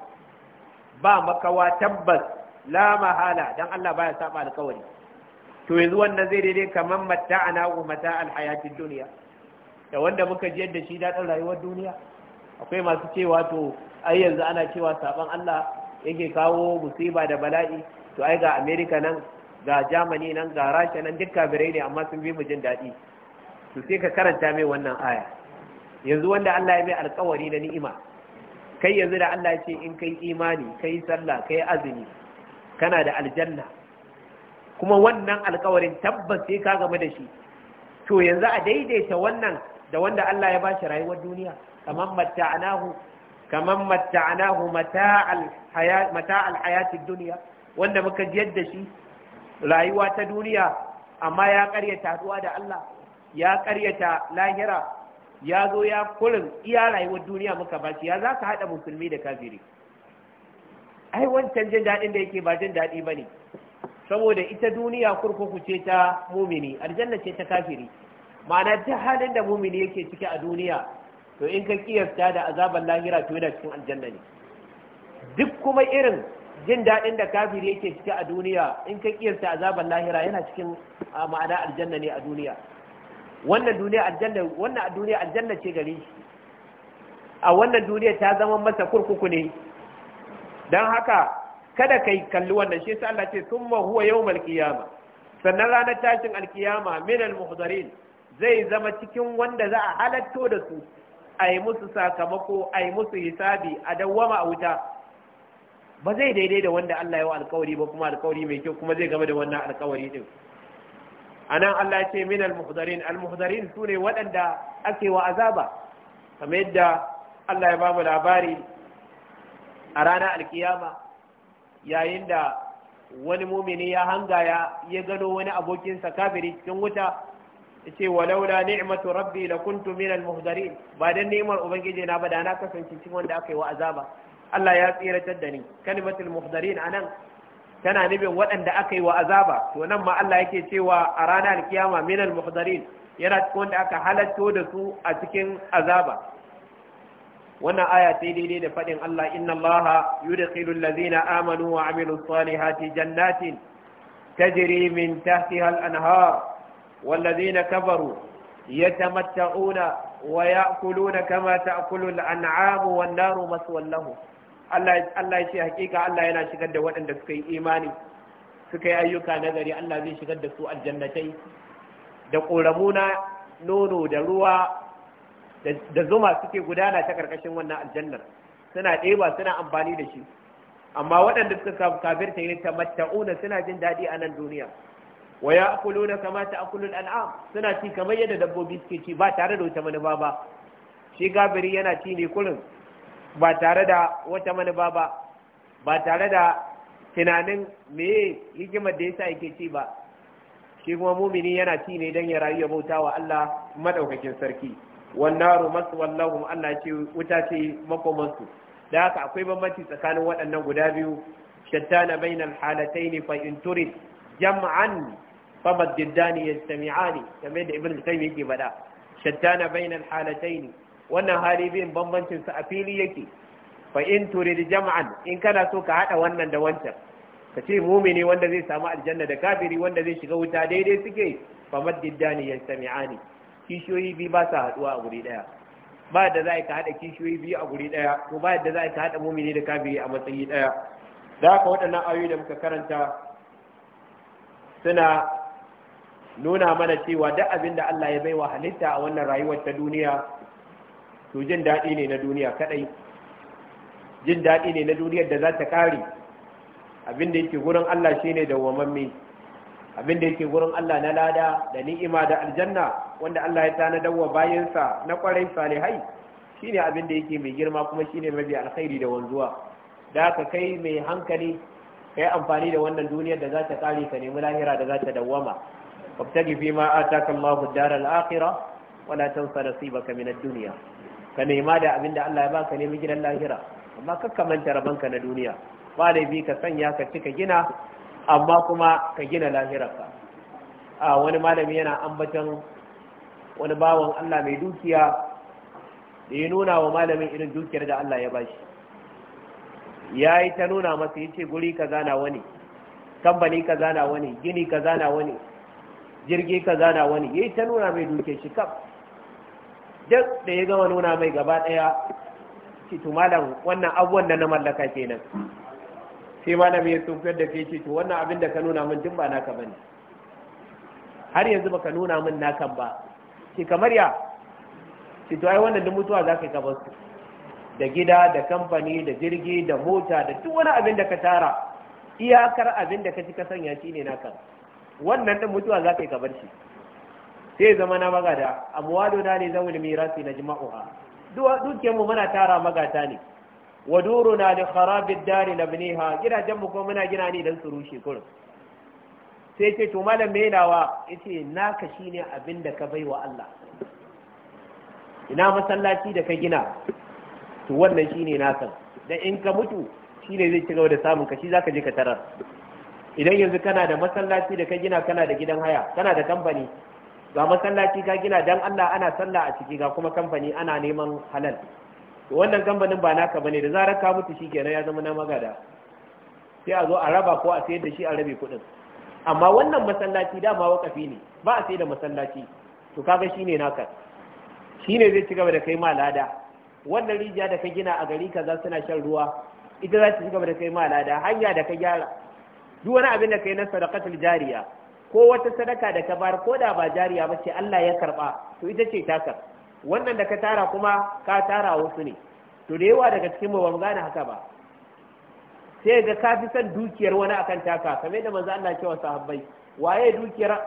ba makawa tabbas la mahala dan Allah baya saba alkawari to yanzu wannan zai daidai kamar matta'ana wa mata'al hayatid duniya da wanda muka ji yadda shi daɗin rayuwar duniya akwai masu cewa to ai yanzu ana cewa saban Allah yake kawo musiba da bala'i to ai ga America nan ga Germany nan ga Rasha nan duk kafirai ne amma sun bi mu jin daɗi to sai ka karanta mai wannan aya yanzu wanda Allah ya mai alƙawari da ni'ima kai yanzu da Allah ya ce in kai imani kai sallah kai azumi kana da aljanna kuma wannan alƙawarin tabbas sai ka game da shi to yanzu a daidaita wannan da wanda Allah ya ba shi rayuwar duniya kaman matta'anahu kaman matta'nahu mata'al hayat mata'al wanda muka jiyar da shi rayuwa ta duniya amma ya karyata haduwa da Allah ya karyata lahira ya zo ya kurin iya rayuwar duniya muka ba shi ya za ka haɗa musulmi da kafiri ai wancan jin daɗin da yake ba jin daɗi ba ne saboda ita duniya kurkuku ce ta mumini aljanna ce ta kafiri ma'ana ta halin da mumini yake ciki a duniya to in ka kiyasta da azaban lahira to yana cikin aljanna ne duk kuma irin jin daɗin da kafiri yake cika a duniya in ka kiyasta azaban lahira yana cikin ma'ana aljanna ne a duniya wannan duniya aljanna wannan duniya aljanna ce gare shi a wannan duniya ta zama masa kurkuku ne don haka kada kai kalli wannan shi sai Allah ce summa huwa yawmal qiyama sannan ranar tashin alkiyama min al zai zama cikin wanda za a halatto da su a musu sakamako a musu hisabi a dawwama a wuta ba zai daidai da wanda Allah ya wa alkawari ba kuma alkawari mai kyau kuma zai game da wannan alkawari din anan Allah ya ce min al-muhdarin al-muhdarin sune waɗanda ake wa azaba kamar yadda Allah ya bamu labari a ranar alkiyama yayin da wani mumini ya hanga ya gano wani abokinsa kafiri cikin wuta yace walaula ni'matu rabbi lakuntu minal muhdarin ba dan ni'mar ubangiji na ba da na kasance cikin wanda aka yi wa azaba Allah ya tsiratar da ni kalimatul muhdarin anan tana nufin waɗanda aka yi wa azaba to nan ma Allah yake cewa a ranar kiyama min muhdarin yana cikin wanda aka halatto da su a cikin azaba wannan aya ta daidai da faɗin Allah inna Allah yudkhilul ladzina amanu wa amilus salihati jannatin tajri min tahtiha al-anhar والذين كفروا يتمتعون ويأكلون كما تأكل الأنعام والنار مسوى لهم Allah ce hakika Allah yana shigar da waɗanda suka yi imani suka yi ayyuka nagari Allah zai shigar da su aljannatai da ƙoramu nono da ruwa da zuma suke gudana ta ƙarƙashin wannan aljannar suna ɗeba suna amfani da shi amma waɗanda suka kafirta ne ta matta'una suna jin daɗi a nan duniya waya kamata kama ta'kulul an'am suna ci kamar yadda dabbobi suke ci ba tare da wata manufa ba shi gabiri yana ci ne kurin ba tare da wata manufa ba ba tare da tunanin me hikimar da yasa yake ci ba shi kuma mumini yana ci ne dan ya rayu ya bauta wa Allah madaukakin sarki wannaru masu wallahum Allah ce wuta ce makomansu da haka akwai bambanci tsakanin waɗannan guda biyu shattana bainal halataini fa in turid jam'an fama diddani ya sami'ani game da ibn taimi yake bada shattana bainal ne wannan hali biyun bambancin su a fili yake fa in da jama'an in kana so ka hada wannan da wancan ka ce mumini wanda zai samu aljanna da kafiri wanda zai shiga wuta daidai suke fa maddiddani ya sami'ani kishiyoyi biyu ba sa haduwa a guri daya ba da za ka hada kishiyoyi biyu a guri daya ko ba da za ka hada mumini da kafiri a matsayi daya da haka waɗannan ayoyi da muka karanta suna nuna mana cewa duk abin da Allah ya bai wa halitta a wannan rayuwar ta duniya to jin daɗi ne na duniya kadai jin daɗi ne na duniyar da za ta kare abin da yake gurin Allah shine dawwamamme abin da yake gurin Allah na lada da ni'ima da aljanna wanda Allah ya tana dawwa bayansa na kwarai salihai shine abin da yake mai girma kuma shine mabi alkhairi da wanzuwa da ka kai mai hankali kai amfani da wannan duniyar da za ta kare ka nemi lahira da za ta dawwama Ƙafta kifi ma a takan ma gudanar akira. Wana tun sa nasiba kaminan duniya. Ka nema da abinda Allah ya baka neman gidan lahira. Amma kaka manta rabon ka na duniya. Ba laifi ka sanya ka ci ka gina, amma kuma ka gina lahirarka. A wani malami yana ambatan wani baban Allah mai dukiya ya nuna wa malamin irin dukiyar da Allah ya bashi. Ya yi ta nuna masu ya ce wuri ka zana wani, kamfani ka zana wani, gini ka zana wani. jirgi ka zana wani yayi ta nuna mai duke shi kaf duk da ya gama nuna mai gaba daya ci to malam wannan abuwan da na mallaka kenan sai malam ya tsofiyar da kai ce to wannan abin da ka nuna min duk ba naka bane har yanzu baka nuna min nakan ba ce kamar ya ci to ai wannan duk mutuwa zaka ka bar su da gida da kamfani da jirgi da mota da duk wani abin da ka tara iyakar abin da ka ci ka sanya ne naka wannan ɗin mutuwa za ka yi ka shi sai zama na magada amwalo na ne zawul mirasi na jima'uha dukiyar mu muna tara magata ne wa na da harabin dari na biniha gidajen mu kuma muna gina ne don su rushe kurin sai ce to malam nawa yace naka shine abin da ka wa Allah ina masallaci da ka gina to wannan shine naka da in ka mutu shine zai ci gaba da samun kashi. shi zaka je ka tarar idan yanzu kana da masallaci da ka gina kana da gidan haya kana da kamfani ga masallaci ka gina dan Allah ana sallah a ciki ga kuma kamfani ana neman halal to wannan kamfanin ba naka bane da zarar ka mutu shi shikenan ya zama na magada sai a zo a raba ko a sayar da shi a rabe kuɗin amma wannan masallaci dama wakafi ne ba a sai da masallaci to kaga shine naka shine zai ci gaba da kai ma lada wannan rijiya da ka gina a gari kaza suna shan ruwa ita za ta ci gaba da kai ma lada hanya da ka gyara duk wani abin da kai na sadaqatul jariya ko wata sadaka da ka bar ko da ba jariya ba ce Allah ya karba to ita ce takar wannan da ka tara kuma ka tara wasu ne to da yawa daga cikin mu gane haka ba sai ga ka fi son dukiyar wani akan taka kamar da manzo Allah cewa sahabbai waye dukiyar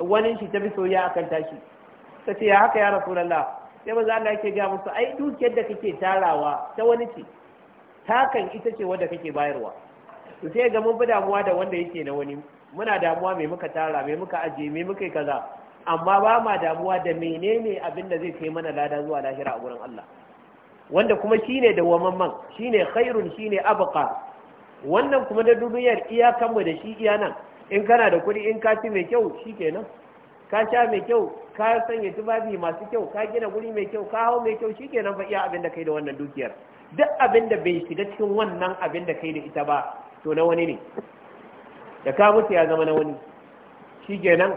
wani shi ta fi soyayya akan tashi sai ya haka ya rasulullah sai manzo Allah yake ga musu ai dukiyar da kake tarawa ta wani ce takan ita ce wadda kake bayarwa to sai ga mun fi damuwa da wanda yake na wani muna damuwa mai muka tara mai muka aje mai muka kaza amma ba ma damuwa da menene abin da zai kai mana lada zuwa lahira a wurin Allah wanda kuma shine da man shine khairun shine abqa wannan kuma da duniyar iyakan mu da shi iya nan in kana da kuɗi in ka ci mai kyau shikenan ka sha mai kyau ka sanya tubabi masu kyau ka gina guri mai kyau ka hau mai kyau shikenan fa iya abin da kai da wannan dukiyar duk abin da bai shiga cikin wannan abin da kai da ita ba to na wani ne da ka mutu ya zama na wani shi kenan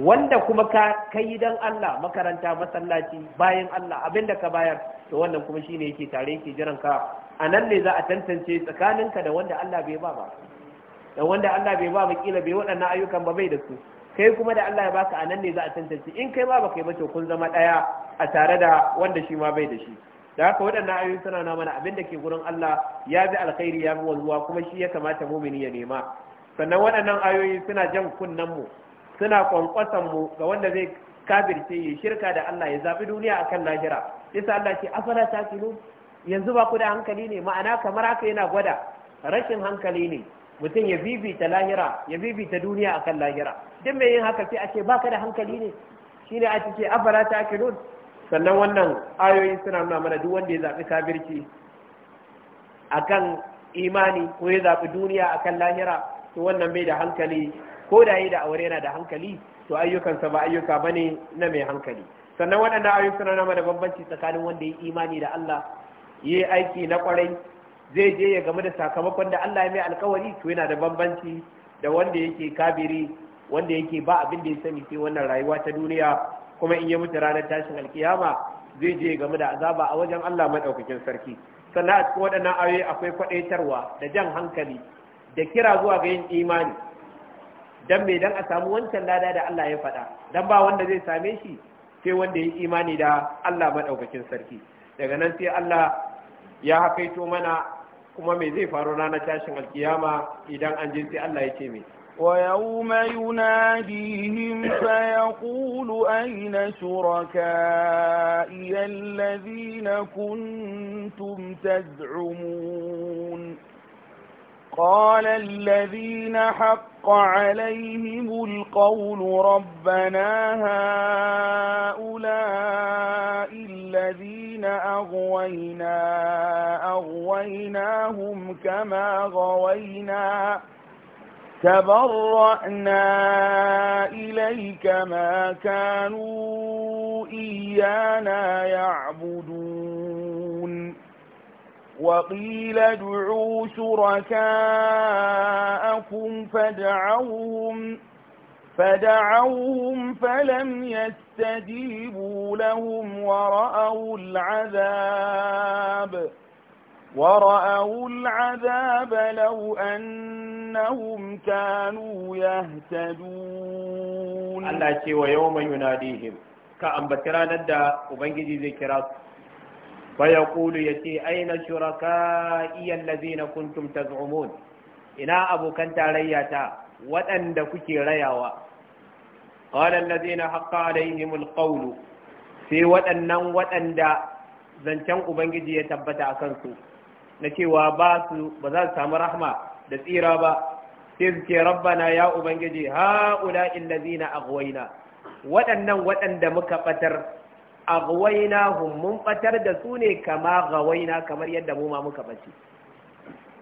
wanda kuma ka kai don Allah makaranta masallaci bayan Allah abinda ka bayar to wannan kuma shi ne yake tare yake jiran ka a nan ne za a tantance tsakaninka da wanda Allah bai ba ba da wanda Allah bai ba ba kila bai waɗannan ayyukan ba bai da su kai kuma da Allah ya baka a nan ne za a tantance in kai ba ba kai ba to kun zama ɗaya a tare da wanda shi ma bai da shi da haka waɗannan ayoyin suna na mana abin da ke gurin Allah ya bi alkhairi ya bi wanzuwa kuma shi ya kamata mumini ya nema sannan waɗannan ayoyi suna jan kunnen mu suna kwankwasan mu ga wanda zai kafirce ya shirka da Allah ya zabi duniya akan lahira yasa Allah ce afala taqilu yanzu ba ku da hankali ne ma'ana kamar haka yana gwada rashin hankali ne mutum ya bibita lahira ya bibita duniya akan lahira duk mai yin haka sai a ce baka da hankali ne shine a ce afala taqilun sannan wannan ayoyi suna nuna mana duk wanda ya zaɓi kafirci akan imani ko ya zaɓi duniya akan lahira to wannan bai da hankali ko da yi da aure yana da hankali to ayyukansa ba ayyuka ba ne na mai hankali sannan waɗannan ayoyi suna nuna mana bambanci tsakanin wanda ya imani da Allah ya yi aiki na ƙwarai zai je ya game da sakamakon da Allah ya mai alkawari to yana da bambanci da wanda yake kabiri wanda yake ba abin da ya sani sai wannan rayuwa ta duniya kuma in ya mutu ranar tashin alkiyama zai je game da azaba a wajen Allah maɗaukakin sarki sannan a cikin waɗannan ayoyi akwai kwaɗaitarwa da jan hankali da kira zuwa ga yin imani dan me dan a samu wancan lada da Allah ya faɗa dan ba wanda zai same shi sai wanda ya imani da Allah maɗaukakin sarki daga nan sai Allah ya hakaito mana kuma me zai faru ranar tashin alkiyama idan an je sai Allah ya ce mai ويوم يناديهم فيقول أين شركائي الذين كنتم تزعمون قال الذين حق عليهم القول ربنا هؤلاء الذين أغوينا أغويناهم كما غوينا تبرأنا إليك ما كانوا إيانا يعبدون وقيل ادعوا شركاءكم فدعوهم فدعوهم فلم يستجيبوا لهم ورأوا العذاب ۖ ورأوا العذاب لو أنهم كانوا يهتدون الله يقول ويوم يناديهم كأنبتران الدى وبنجي ذكرات فيقول يتي أين شركائي الذين كنتم تزعمون إنا أبو كنت عليتا وأندكك رياوا قال الذين حق عليهم القول في وأنن وأندا zancen Ubangiji ya tabbata a kansu na cewa ba su ba za su samu rahma da tsira ba sai su ce rabbana ya ubangiji haula illazina aghwayna waɗannan waɗanda muka batar aghwayna hum mun batar da su ne kama gawaina kamar yadda mu ma muka bace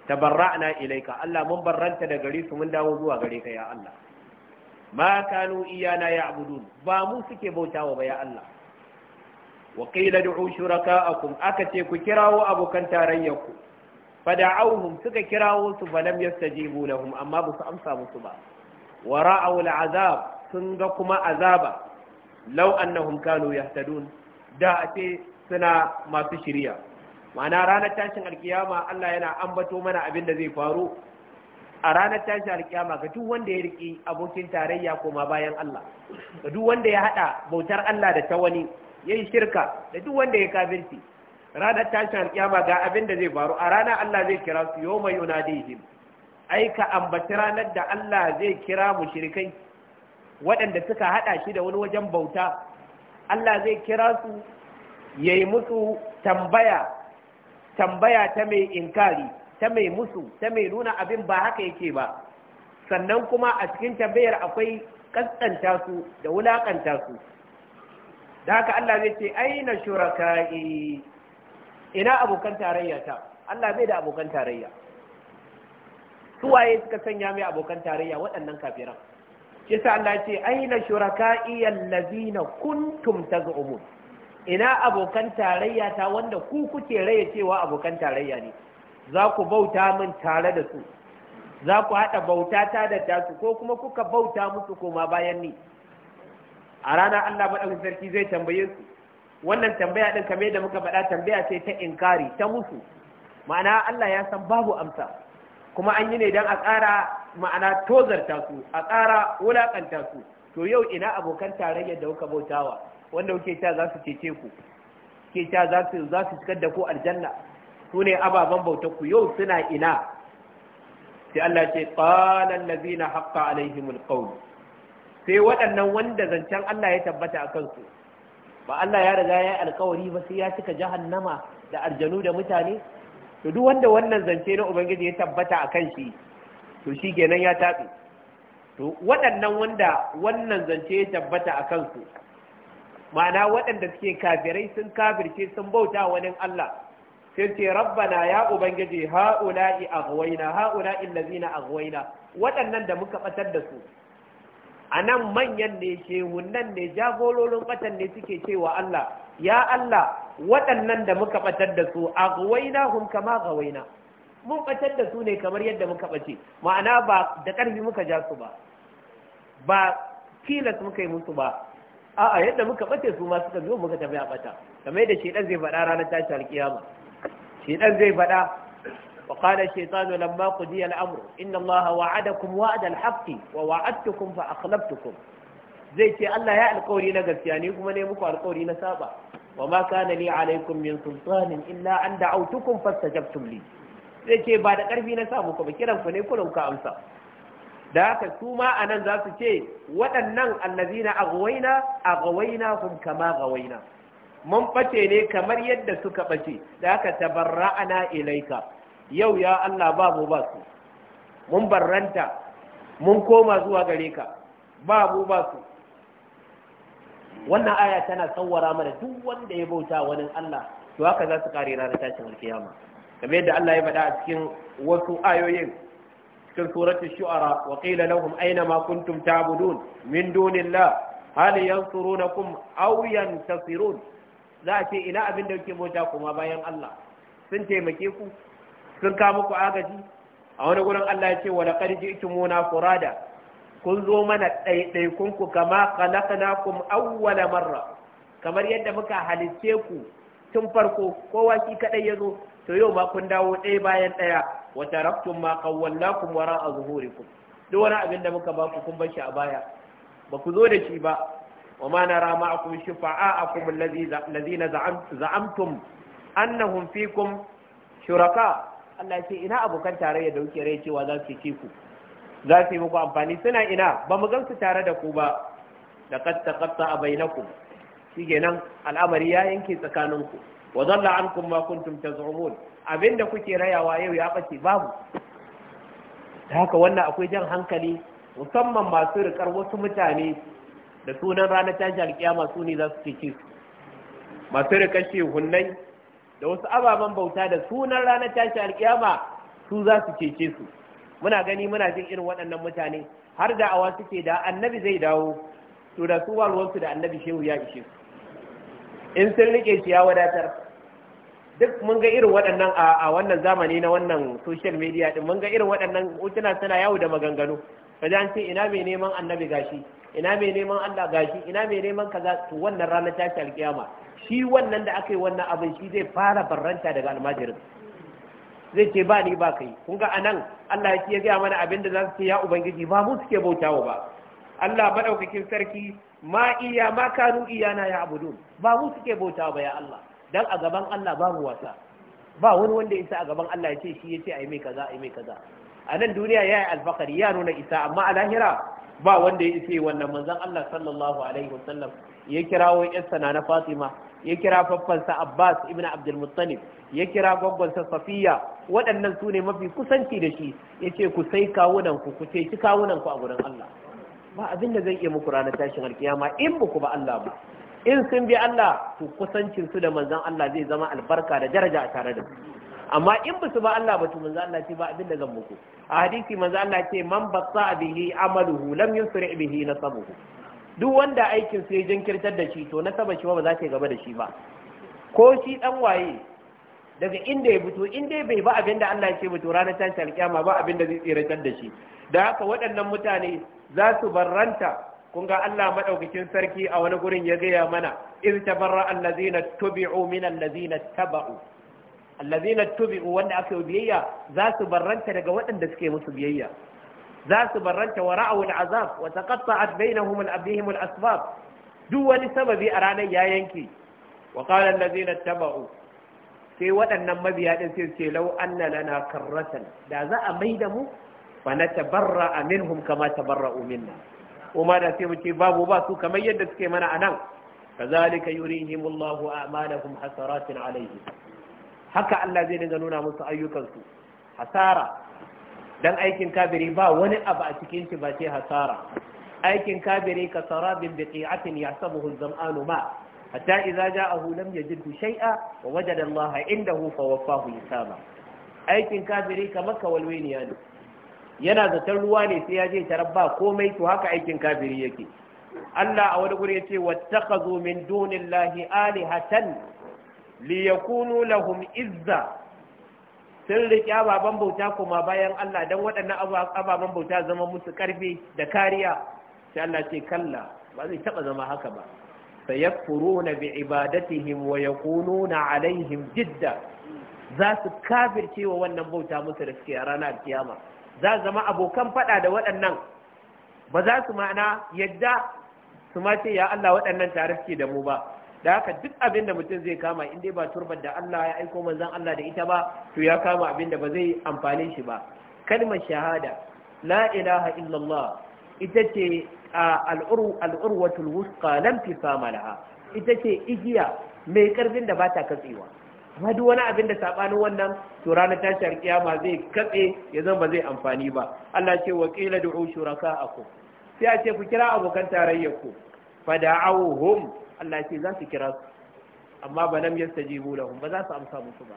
tabarra'na ilaika Allah mun barranta da gare su mun dawo zuwa gare ka ya Allah ma kanu iyana ya'budun ba mu suke bautawa ba ya Allah wa qila du'u shuraka'akum aka ce ku kirawo abokan tarayyarku fada'awhum suka kirawo su falam yastajibu lahum amma ba su amsa musu ba wa ra'aw al'azab sun ga kuma azaba law annahum kanu yahtadun da ce suna masu shiriya ma'ana ranar tashin alkiyama Allah yana ambato mana abin da zai faru a ranar tashin alkiyama ga duk wanda ya riki abokin tarayya koma bayan Allah ga duk wanda ya hada bautar Allah da ta wani yayi shirka da duk wanda ya kafirci ranar tashin alkiyama ga abin da zai faru a rana Allah zai kira su yau mai yuna ai ka ambaci ranar da Allah zai kira mu shirkai waɗanda suka haɗa shi da wani wajen bauta Allah zai kira su yayi musu tambaya tambaya ta mai inkari ta mai musu ta mai nuna abin ba haka yake ba sannan kuma a cikin tambayar akwai kaskanta su da wulaƙanta su da haka Allah zai ce aina shuraka'i ina abokan tarayya ta Allah bai da abokan tarayya su waye suka sanya mai abokan tarayya waɗannan kafiran shi sa Allah ce aina shuraka'i allazina kuntum taz'umun ina abokan tarayya ta wanda ku kuke raye cewa abokan tarayya ne za ku bauta min tare da su za ku haɗa bautata da tasu ko kuma kuka bauta musu koma bayan ni a rana Allah maɗaukakin sarki zai tambaye su wannan tambaya ɗin kame da muka faɗa tambaya ce ta inkari ta musu ma'ana Allah ya san babu amsa kuma an yi ne don a ƙara ma'ana tozarta su a ƙara wulaƙanta su to yau ina abokan tarayyar da kuka bautawa wanda kuke ta za su cece ku ke ta za su za su cikar da ku aljanna su ne ababen bautar ku yau suna ina sai Allah ce qala allazina haqqa alaihimul qawl sai waɗannan wanda zancen Allah ya tabbata a kansu ba Allah ya riga ya yi alkawari ba sai ya cika jahannama da arjanu da mutane to duk wanda wannan zance na ubangiji ya tabbata a kan shi to shi kenan ya tafi to waɗannan wanda wannan zance ya tabbata a kansu ma'ana waɗanda suke kafirai sun kafirce sun bauta wani Allah sai ce rabbana ya ubangiji ha'ula'i aghwayna ha'ula'i allazina aghwayna waɗannan da muka batar da su a nan manyan ne hunan ne jagororin batan ne suke cewa Allah ya Allah waɗannan da muka ɓatar da su a gwaina hun kama gwaina mun ɓatar da su ne kamar yadda muka ɓace. ma'ana ba da ƙarfi muka ja su ba ba tilas muka yi musu ba a'a yadda muka ɓace su ma suka zo muka tafi a ɓata kamar yadda zai faɗa ranar tashi alkiyama shedan zai faɗa وقال الشيطان لما قضي الأمر إن الله وعدكم وعد الحق ووعدتكم فأخلفتكم zai ce Allah ya alƙawari na gaskiya ne kuma ne muku alƙawari na saba wa ma kana li min sultanin illa an da'awtukum fastajabtum li zai ce ba da ƙarfi na sa muku ba ne kullum ka amsa da haka su ma anan za su ce waɗannan allazina aghwayna aghwayna hum kama gawaina mun bace ne kamar yadda suka bace da haka tabarra'ana ilaika yau ya Allah babu mu ba su mun barranta mun koma zuwa gare ka ba ba su wannan aya tana tsawara mana duk wanda ya bauta wani Allah to haka za su kare ranar tashin alkiyama kamar yadda Allah ya faɗa a cikin wasu ayoyin cikin suratul shu'ara wa qila lahum aina ma kuntum ta'budun min dunillah hal yansurunakum aw yantasirun za a ce ina abin da yake bauta kuma bayan Allah sun taimake ku sun kawo muku agaji a wani gurin Allah ya ce wa laqad ji'tumuna furada kun zo mana ɗaiɗaikun ku kama khalaqnakum awwala marra kamar yadda muka halitte ku tun farko kowa shi kadai ya zo to yau ma kun dawo ɗaya bayan ɗaya wa taraktum ma qawwallakum wara'a zuhurikum duk wani abin da muka ba ku kun bar shi a baya ba ku zo da shi ba wa ma nara ma'akum shufa'a'akum allazina za'amtum annahum fikum shuraka Allah ce ina abokan tarayya da kuke rai cewa za su ce ku za su yi muku amfani suna ina ba mu gamsu tare da ku ba da katta katta a bainaku nan, al'amari ya yanke tsakaninku wa dalla ankum ma kuntum tazumun abinda kuke rayawa yau ya bace babu Ta haka wannan akwai jan hankali musamman masu rikar wasu mutane da sunan ranar tashi alkiyama su ne za su ci su masu rikar shehunnai da wasu ababen bauta da sunan ranar tashi alkiyama su za su cece su muna gani muna jin irin waɗannan mutane har da awa suke da annabi zai dawo to da su walwansu da annabi shehu ya ishe su in sun rike shi ya wadatar duk mun ga irin waɗannan a wannan zamani na wannan social media din mun ga irin waɗannan hotuna suna yawo da maganganu ka an ce ina mai neman annabi gashi ina mai neman Allah gashi ina mai neman kaza to wannan ranar tashi alkiyama shi wannan da aka yi wannan abin shi zai fara barranta daga almajirin zai ce ba ni ba kai kun ga anan Allah ya ce ya gaya mana abin da za su ce ya ubangiji ba mu suke bautawa ba Allah madaukakin sarki ma iya ma kanu iyana ya abudu ba mu suke bautawa ba ya Allah dan a gaban Allah babu wasa ba wani wanda isa a gaban Allah ya ce shi ya ce ai mai kaza ai mai kaza a nan duniya ya yi alfakari ya nuna isa amma a lahira ba wanda ya isa wannan manzon Allah sallallahu alaihi wasallam ya kirawo yarsa na Fatima ya kira faffansa Abbas ibn Abdul Muttalib ya kira gwaggonsa Safiya waɗannan su ne mafi kusanci da shi yace ku sai kawunan ku ku ceci kawunan ku a gurin Allah ba abin da zai iya muku ranar tashin alkiyama in ba ku ba Allah ba in sun bi Allah to kusancin su da manzan Allah zai zama albarka da daraja a tare da su amma in ba su ba Allah ba to manzo Allah ce ba abin da zan muku a hadisi manzo Allah ce man batta bihi amaluhu lam yusri bihi nasabuhu duk wanda aikin sai jinkirtar da shi to na saba shi ba za ta gaba da shi ba ko shi dan waye daga inda ya fito in bai ba abin da Allah ya ce to ranar tashi alkiyama ba abin da zai tsiratar da shi da haka waɗannan mutane za su barranta kun ga Allah madaukakin sarki a wani gurin ya gaya mana in tabarra allazina tubi'u min allazina taba'u allazina tubi'u wanda aka yi biyayya za su barranta daga waɗanda suke musu biyayya za su barranta wa ra'awul azab wa taqatta'at bainahum al-abihim al-asbab duk wani sababi a ranar ya yanke wa qala allazina tabau sai waɗannan mabiya din sai ce law anna lana karratan da za a maida mu fa natabarra minhum kama tabarra'u minna kuma da sai mu babu ba su kamar yadda suke mana anan kazalika yurihimullahu a'malahum hasaratin Alayhi. haka Allah zai dinga nuna musu ayyukansu hasara don aikin kabiri ba wani abu a cikin shi ba ce hasara aikin kabiri ka sarabin biqi'atin yasabuhu az-zam'anu ma hatta a ja'ahu lam yajidhu shai'a wa wajada Allah indahu fa waffahu hisaba aikin kabiri kamar walwaniya ne yana zaton ruwa ne sai ya je tarabba komai to haka aikin kafiri yake Allah a wani guri ya ce wattakazu min dunillahi alihatan Liyakunu lahum izza sun riƙe ababen bauta kuma bayan Allah don waɗannan ababen bauta zama musu ƙarfi da kariya sai Allah ce kalla ba zai taɓa zama haka ba sai ya furu na bi ibadatihim wa ya kunu na alaihim jidda za su kafirce wa wannan bauta musu da suke a ranar kiyama za zama abokan faɗa da waɗannan ba za su ma'ana yadda su ma ya Allah waɗannan tare suke da mu ba da haka duk abin da mutum zai kama in dai ba turbar da Allah ya aiko manzon Allah da ita ba to ya kama abin da ba zai amfane shi ba kalmar shahada la ilaha illallah ita ce al'urwatul wusqa lam tisama laha ita ce igiya mai karfin da bata katsewa amma duk wani abin da sabanin wannan to ranar tashar kiyama zai katse ya zan ba zai amfani ba Allah ce wa qila du'u shuraka'akum sai a ce ku kira abokan tarayyar ku fada'awhum Allah ce za su kira su amma ba lam yastajibu lahum ba za su amsa musu ba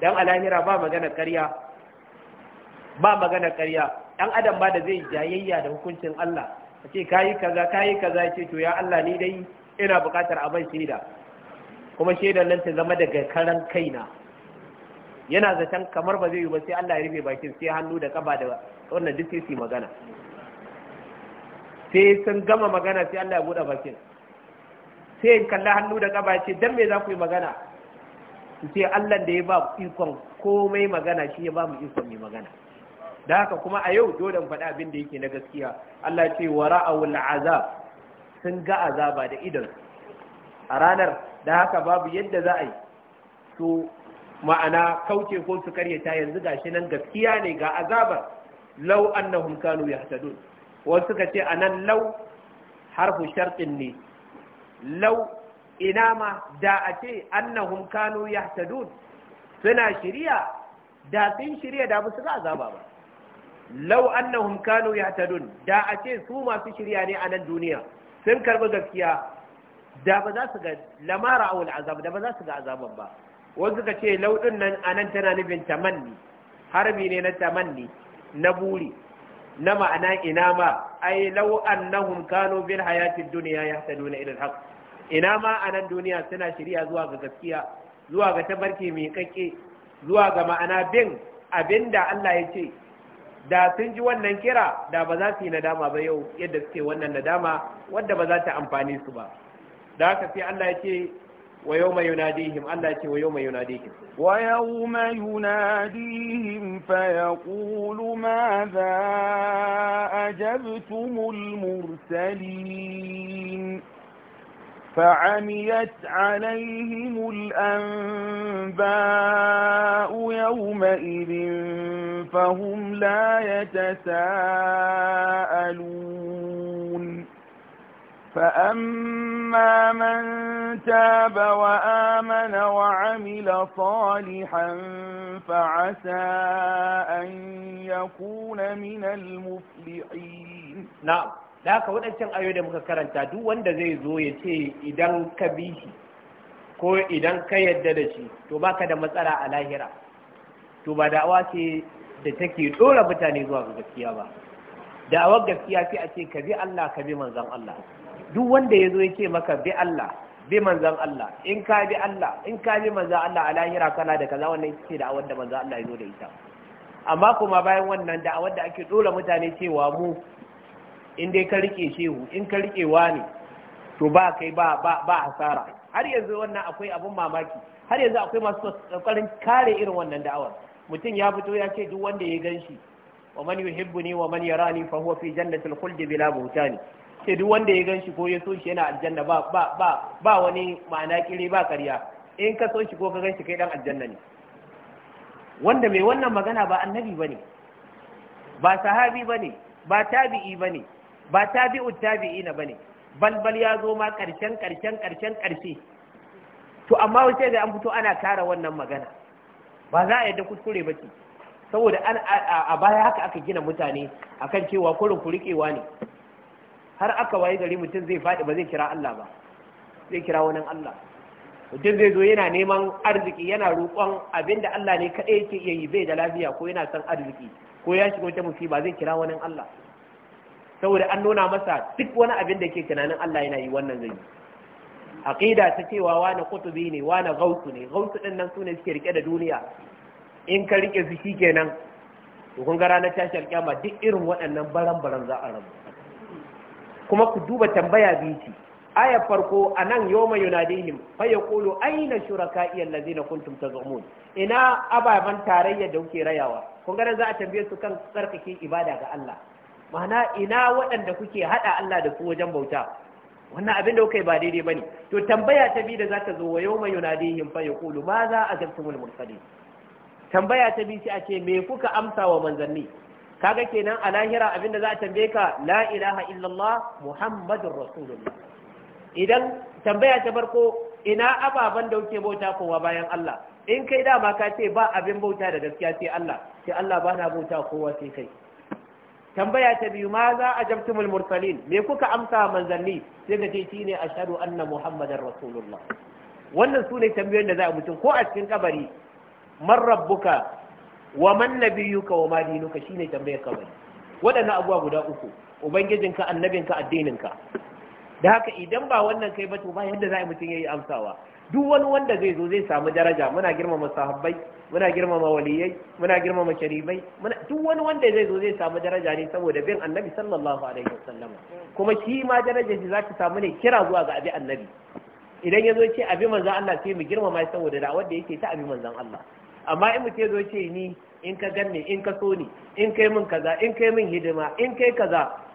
dan alahira ba magana ƙarya ba magana ƙarya dan adam ba da zai jayayya da hukuncin Allah a ce kayi kaza kai kaza ce to ya Allah ni dai ina buƙatar a ban shaida kuma shaidan nan ta zama daga karan kaina yana zaton kamar ba zai yi ba sai Allah ya rufe bakin sai hannu da kaba da wannan duk sai magana sai sun gama magana sai Allah ya buɗe bakin sai in kalla hannu da gaba ce dan me za ku yi magana su ce Allah da ya ba ikon komai magana shi ya ba mu ikon mai magana da haka kuma a yau dole mu faɗa abin da yake na gaskiya Allah ce wa ra'awul azab sun ga azaba da idan a ranar da haka babu yadda za a yi su ma'ana kauce ko su karyata yanzu gashi nan gaskiya ne ga azabar lau annahum kanu yahtadun wasu ka ce nan lau harfu shartin ne lau inama da a ce annahum kanu yahtadun suna shirya da sun shirya da musu ga azaba ba lau annahum kanu yahtadun da a ce su masu shirya ne a nan duniya sun karbi gaskiya da ba za su ga lamara awul azab da ba za su ga azaban ba wasu suka ce lau din nan anan tana nufin tamanni harbi ne na tamanni na buri na ma'ana inama ai lau annahum kanu bil hayatid dunya yahtaduna ila al-haqq ina ma a nan duniya suna shirya zuwa ga gaskiya zuwa ga tabarki mai kakke zuwa ga ma'ana bin abin da Allah ya ce da sun ji wannan kira da ba za su yi nadama ba yau yadda suke wannan nadama wadda ba za ta amfani su ba da haka sai Allah ya ce wa yau mai yunadihim Allah ya ce wa yau mai yunadihim wa yau mai yunadihim fa ya kulu ma za a jabtumul mursalin فعميت عليهم الأنباء يومئذ فهم لا يتساءلون فأما من تاب وآمن وعمل صالحا فعسى أن يكون من المفلحين نعم da haka waɗancan ayo da muka karanta duk wanda zai zo ya ce idan ka bi shi ko idan ka yadda da shi to baka da matsala a lahira to ba da'awa ce da take dora mutane zuwa ga gaskiya ba da'awar gaskiya sai a ce ka bi Allah ka bi manzon Allah duk wanda ya zo ya ce maka bi Allah bi manzon Allah in ka bi Allah in ka bi manzon Allah a lahira kana da kaza wannan ita ce da'awar da manzon Allah ya zo da ita amma kuma bayan wannan da'awar da ake dora mutane cewa mu in dai ka rike shehu in ka rike ne to ba kai ba ba hasara har yanzu wannan akwai abun mamaki har yanzu akwai masu kokarin kare irin wannan da'awar mutum ya fito ya ce duk wanda ya ganshi wa man ni wa man yarani fa huwa fi jannatil khuldi bila buhtani ce duk wanda ya ganshi ko ya so shi yana aljanna ba ba ba ba wani ma'ana kire ba ƙarya in ka so shi ko ka ganshi kai dan aljanna ne wanda mai wannan magana ba annabi bane ba sahabi bane ba tabi'i bane ba tabi'u tabi'ina bane balbal ya zo ma karshen karshen karshen karshe to amma wace da an fito ana kara wannan magana ba za a yadda kuskure ba ce saboda an a baya haka aka gina mutane akan cewa kurin kurikewa ne har aka waye gari mutum zai faɗi ba zai kira Allah ba zai kira wani Allah mutum zai zo yana neman arziki yana roƙon abinda Allah ne kaɗai yake iya yi bai da lafiya ko yana son arziki ko ya shiga wata musiba zai kira wani Allah saboda an nuna masa duk wani abin da ke tunanin Allah yana yi wannan zai aqida ta cewa wani kutubi ne wani gautu ne Gautu din nan sune suke rike da duniya in ka rike su shikenan to kun ga ranar tashi alkiyama duk irin waɗannan baran-baran za a rabu kuma ku duba tambaya biyu ce aya farko anan yawma yunadihim fa yaqulu aina shuraka'i allazina kuntum tazumun ina ababan tarayya da kuke rayawa kun ga za a tambaye su kan tsarkake ibada ga Allah Ma'ana ina waɗanda kuke haɗa Allah da su wajen bauta wannan abin da kai ba daidai ba ne. to tambaya ta biyu da za zo wa yawma yunadihim fa yaqulu ma za azabtumul mursalin tambaya ta biyu sai a ce me kuka amsa wa manzanni kaga kenan a lahira da za a tambaye ka la ilaha illallah muhammadur rasulullah idan tambaya ta farko ina ababen da kuke bauta kowa bayan Allah in kai dama ka ce ba abin bauta da gaskiya sai Allah sai Allah bana bauta kowa sai kai tambaya ta biyu ma za a jamtumul mursalin me kuka amsa manzanni sai ka ce a ashhadu anna muhammadar rasulullah wannan sune tambayoyin da za a mutum ko a cikin kabari man rabbuka wa man nabiyuka wa ma dinuka shine tambayar kabari waɗannan abubuwa guda uku ubangijinka annabinka addininka da haka idan ba wannan kai ba to ba yadda za mutum ya yi amsawa duk wani wanda zai zo zai samu daraja muna girmama sahabbai muna girmama waliyai muna girmama sharibai duk wani wanda zai zo zai samu daraja ne saboda bin annabi sallallahu alaihi wasallam kuma shi ma darajar shi za samu ne kira zuwa ga abi annabi idan ya zo ce abi manzan Allah sai mu girmama saboda da'awar da yake ta abi manzan Allah amma in mutum ya zo ce ni in ka ganni in ka so ni in kai min kaza in kai min hidima in kai kaza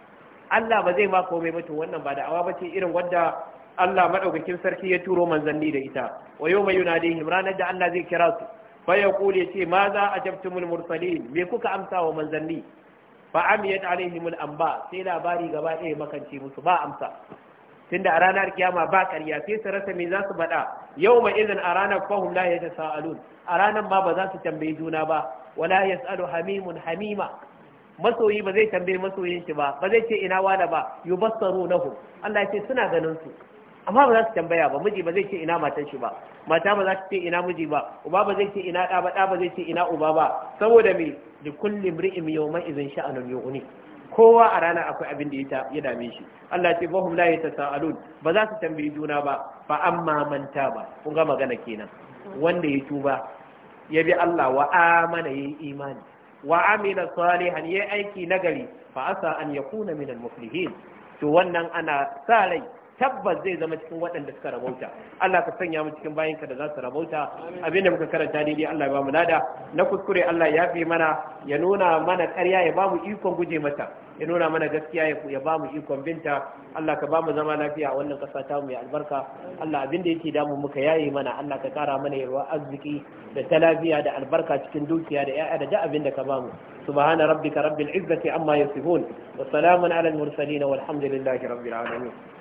Allah ba zai ma komai ba to wannan ba awa ba ce irin wanda Allah madaukakin sarki ya turo manzanni da ita wa yawma yunadihim ranar da Allah zai kira su fa kule yace ma za mul mursalin me kuka amsa wa manzanni fa amiyat alaihimul anba sai labari gaba ɗaya makance musu ba amsa tunda a ranar kiyama ba ƙarya sai su rasa me za su faɗa yau mai izin a ranar fahum la yata sa'alun a ranar ma ba za su tambayi juna ba wala yas'alu hamimun hamima masoyi ba zai tambaye masoyin shi ba ba zai ce ina wani ba yubassarunahu Allah ya ce suna ganin su amma ba za su tambaya ba miji ba zai ce ina matan shi ba mata ba za su ce ina miji ba uba ba zai ce ina ɗa ba ɗa ba zai ce ina uba ba saboda me da kulli mri'in yawma idhin sha'anun yughni kowa a rana akwai abin da ya dame shi Allah ya ce bahum la yatasaalun ba za su tambayi juna ba fa amma man taba kun ga magana kenan wanda ya tuba ya bi Allah wa amana yayi imani wa amila salihan yayi aiki nagari fa asa an yakuna min al-muflihin to wannan ana sa rai tabbas zai zama cikin waɗanda suka rabauta Allah ka sanya mu cikin bayanka da za su rabauta abin da muka karanta daidai Allah ya ba mu nada na kuskure Allah ya fi mana ya nuna mana ƙarya ya ba mu ikon guje mata ya nuna mana gaskiya ya ba mu ikon binta Allah ka ba mu zama lafiya a wannan ƙasa ta mu ya albarka Allah abin da yake damu muka yaye mana Allah ka ƙara mana yarwa arziki da ta lafiya da albarka cikin dukiya da ya'ya da duk abin da ka ba mu subhana rabbika rabbil izzati amma yasifun wa salamun ala al mursalin walhamdulillahi rabbil alamin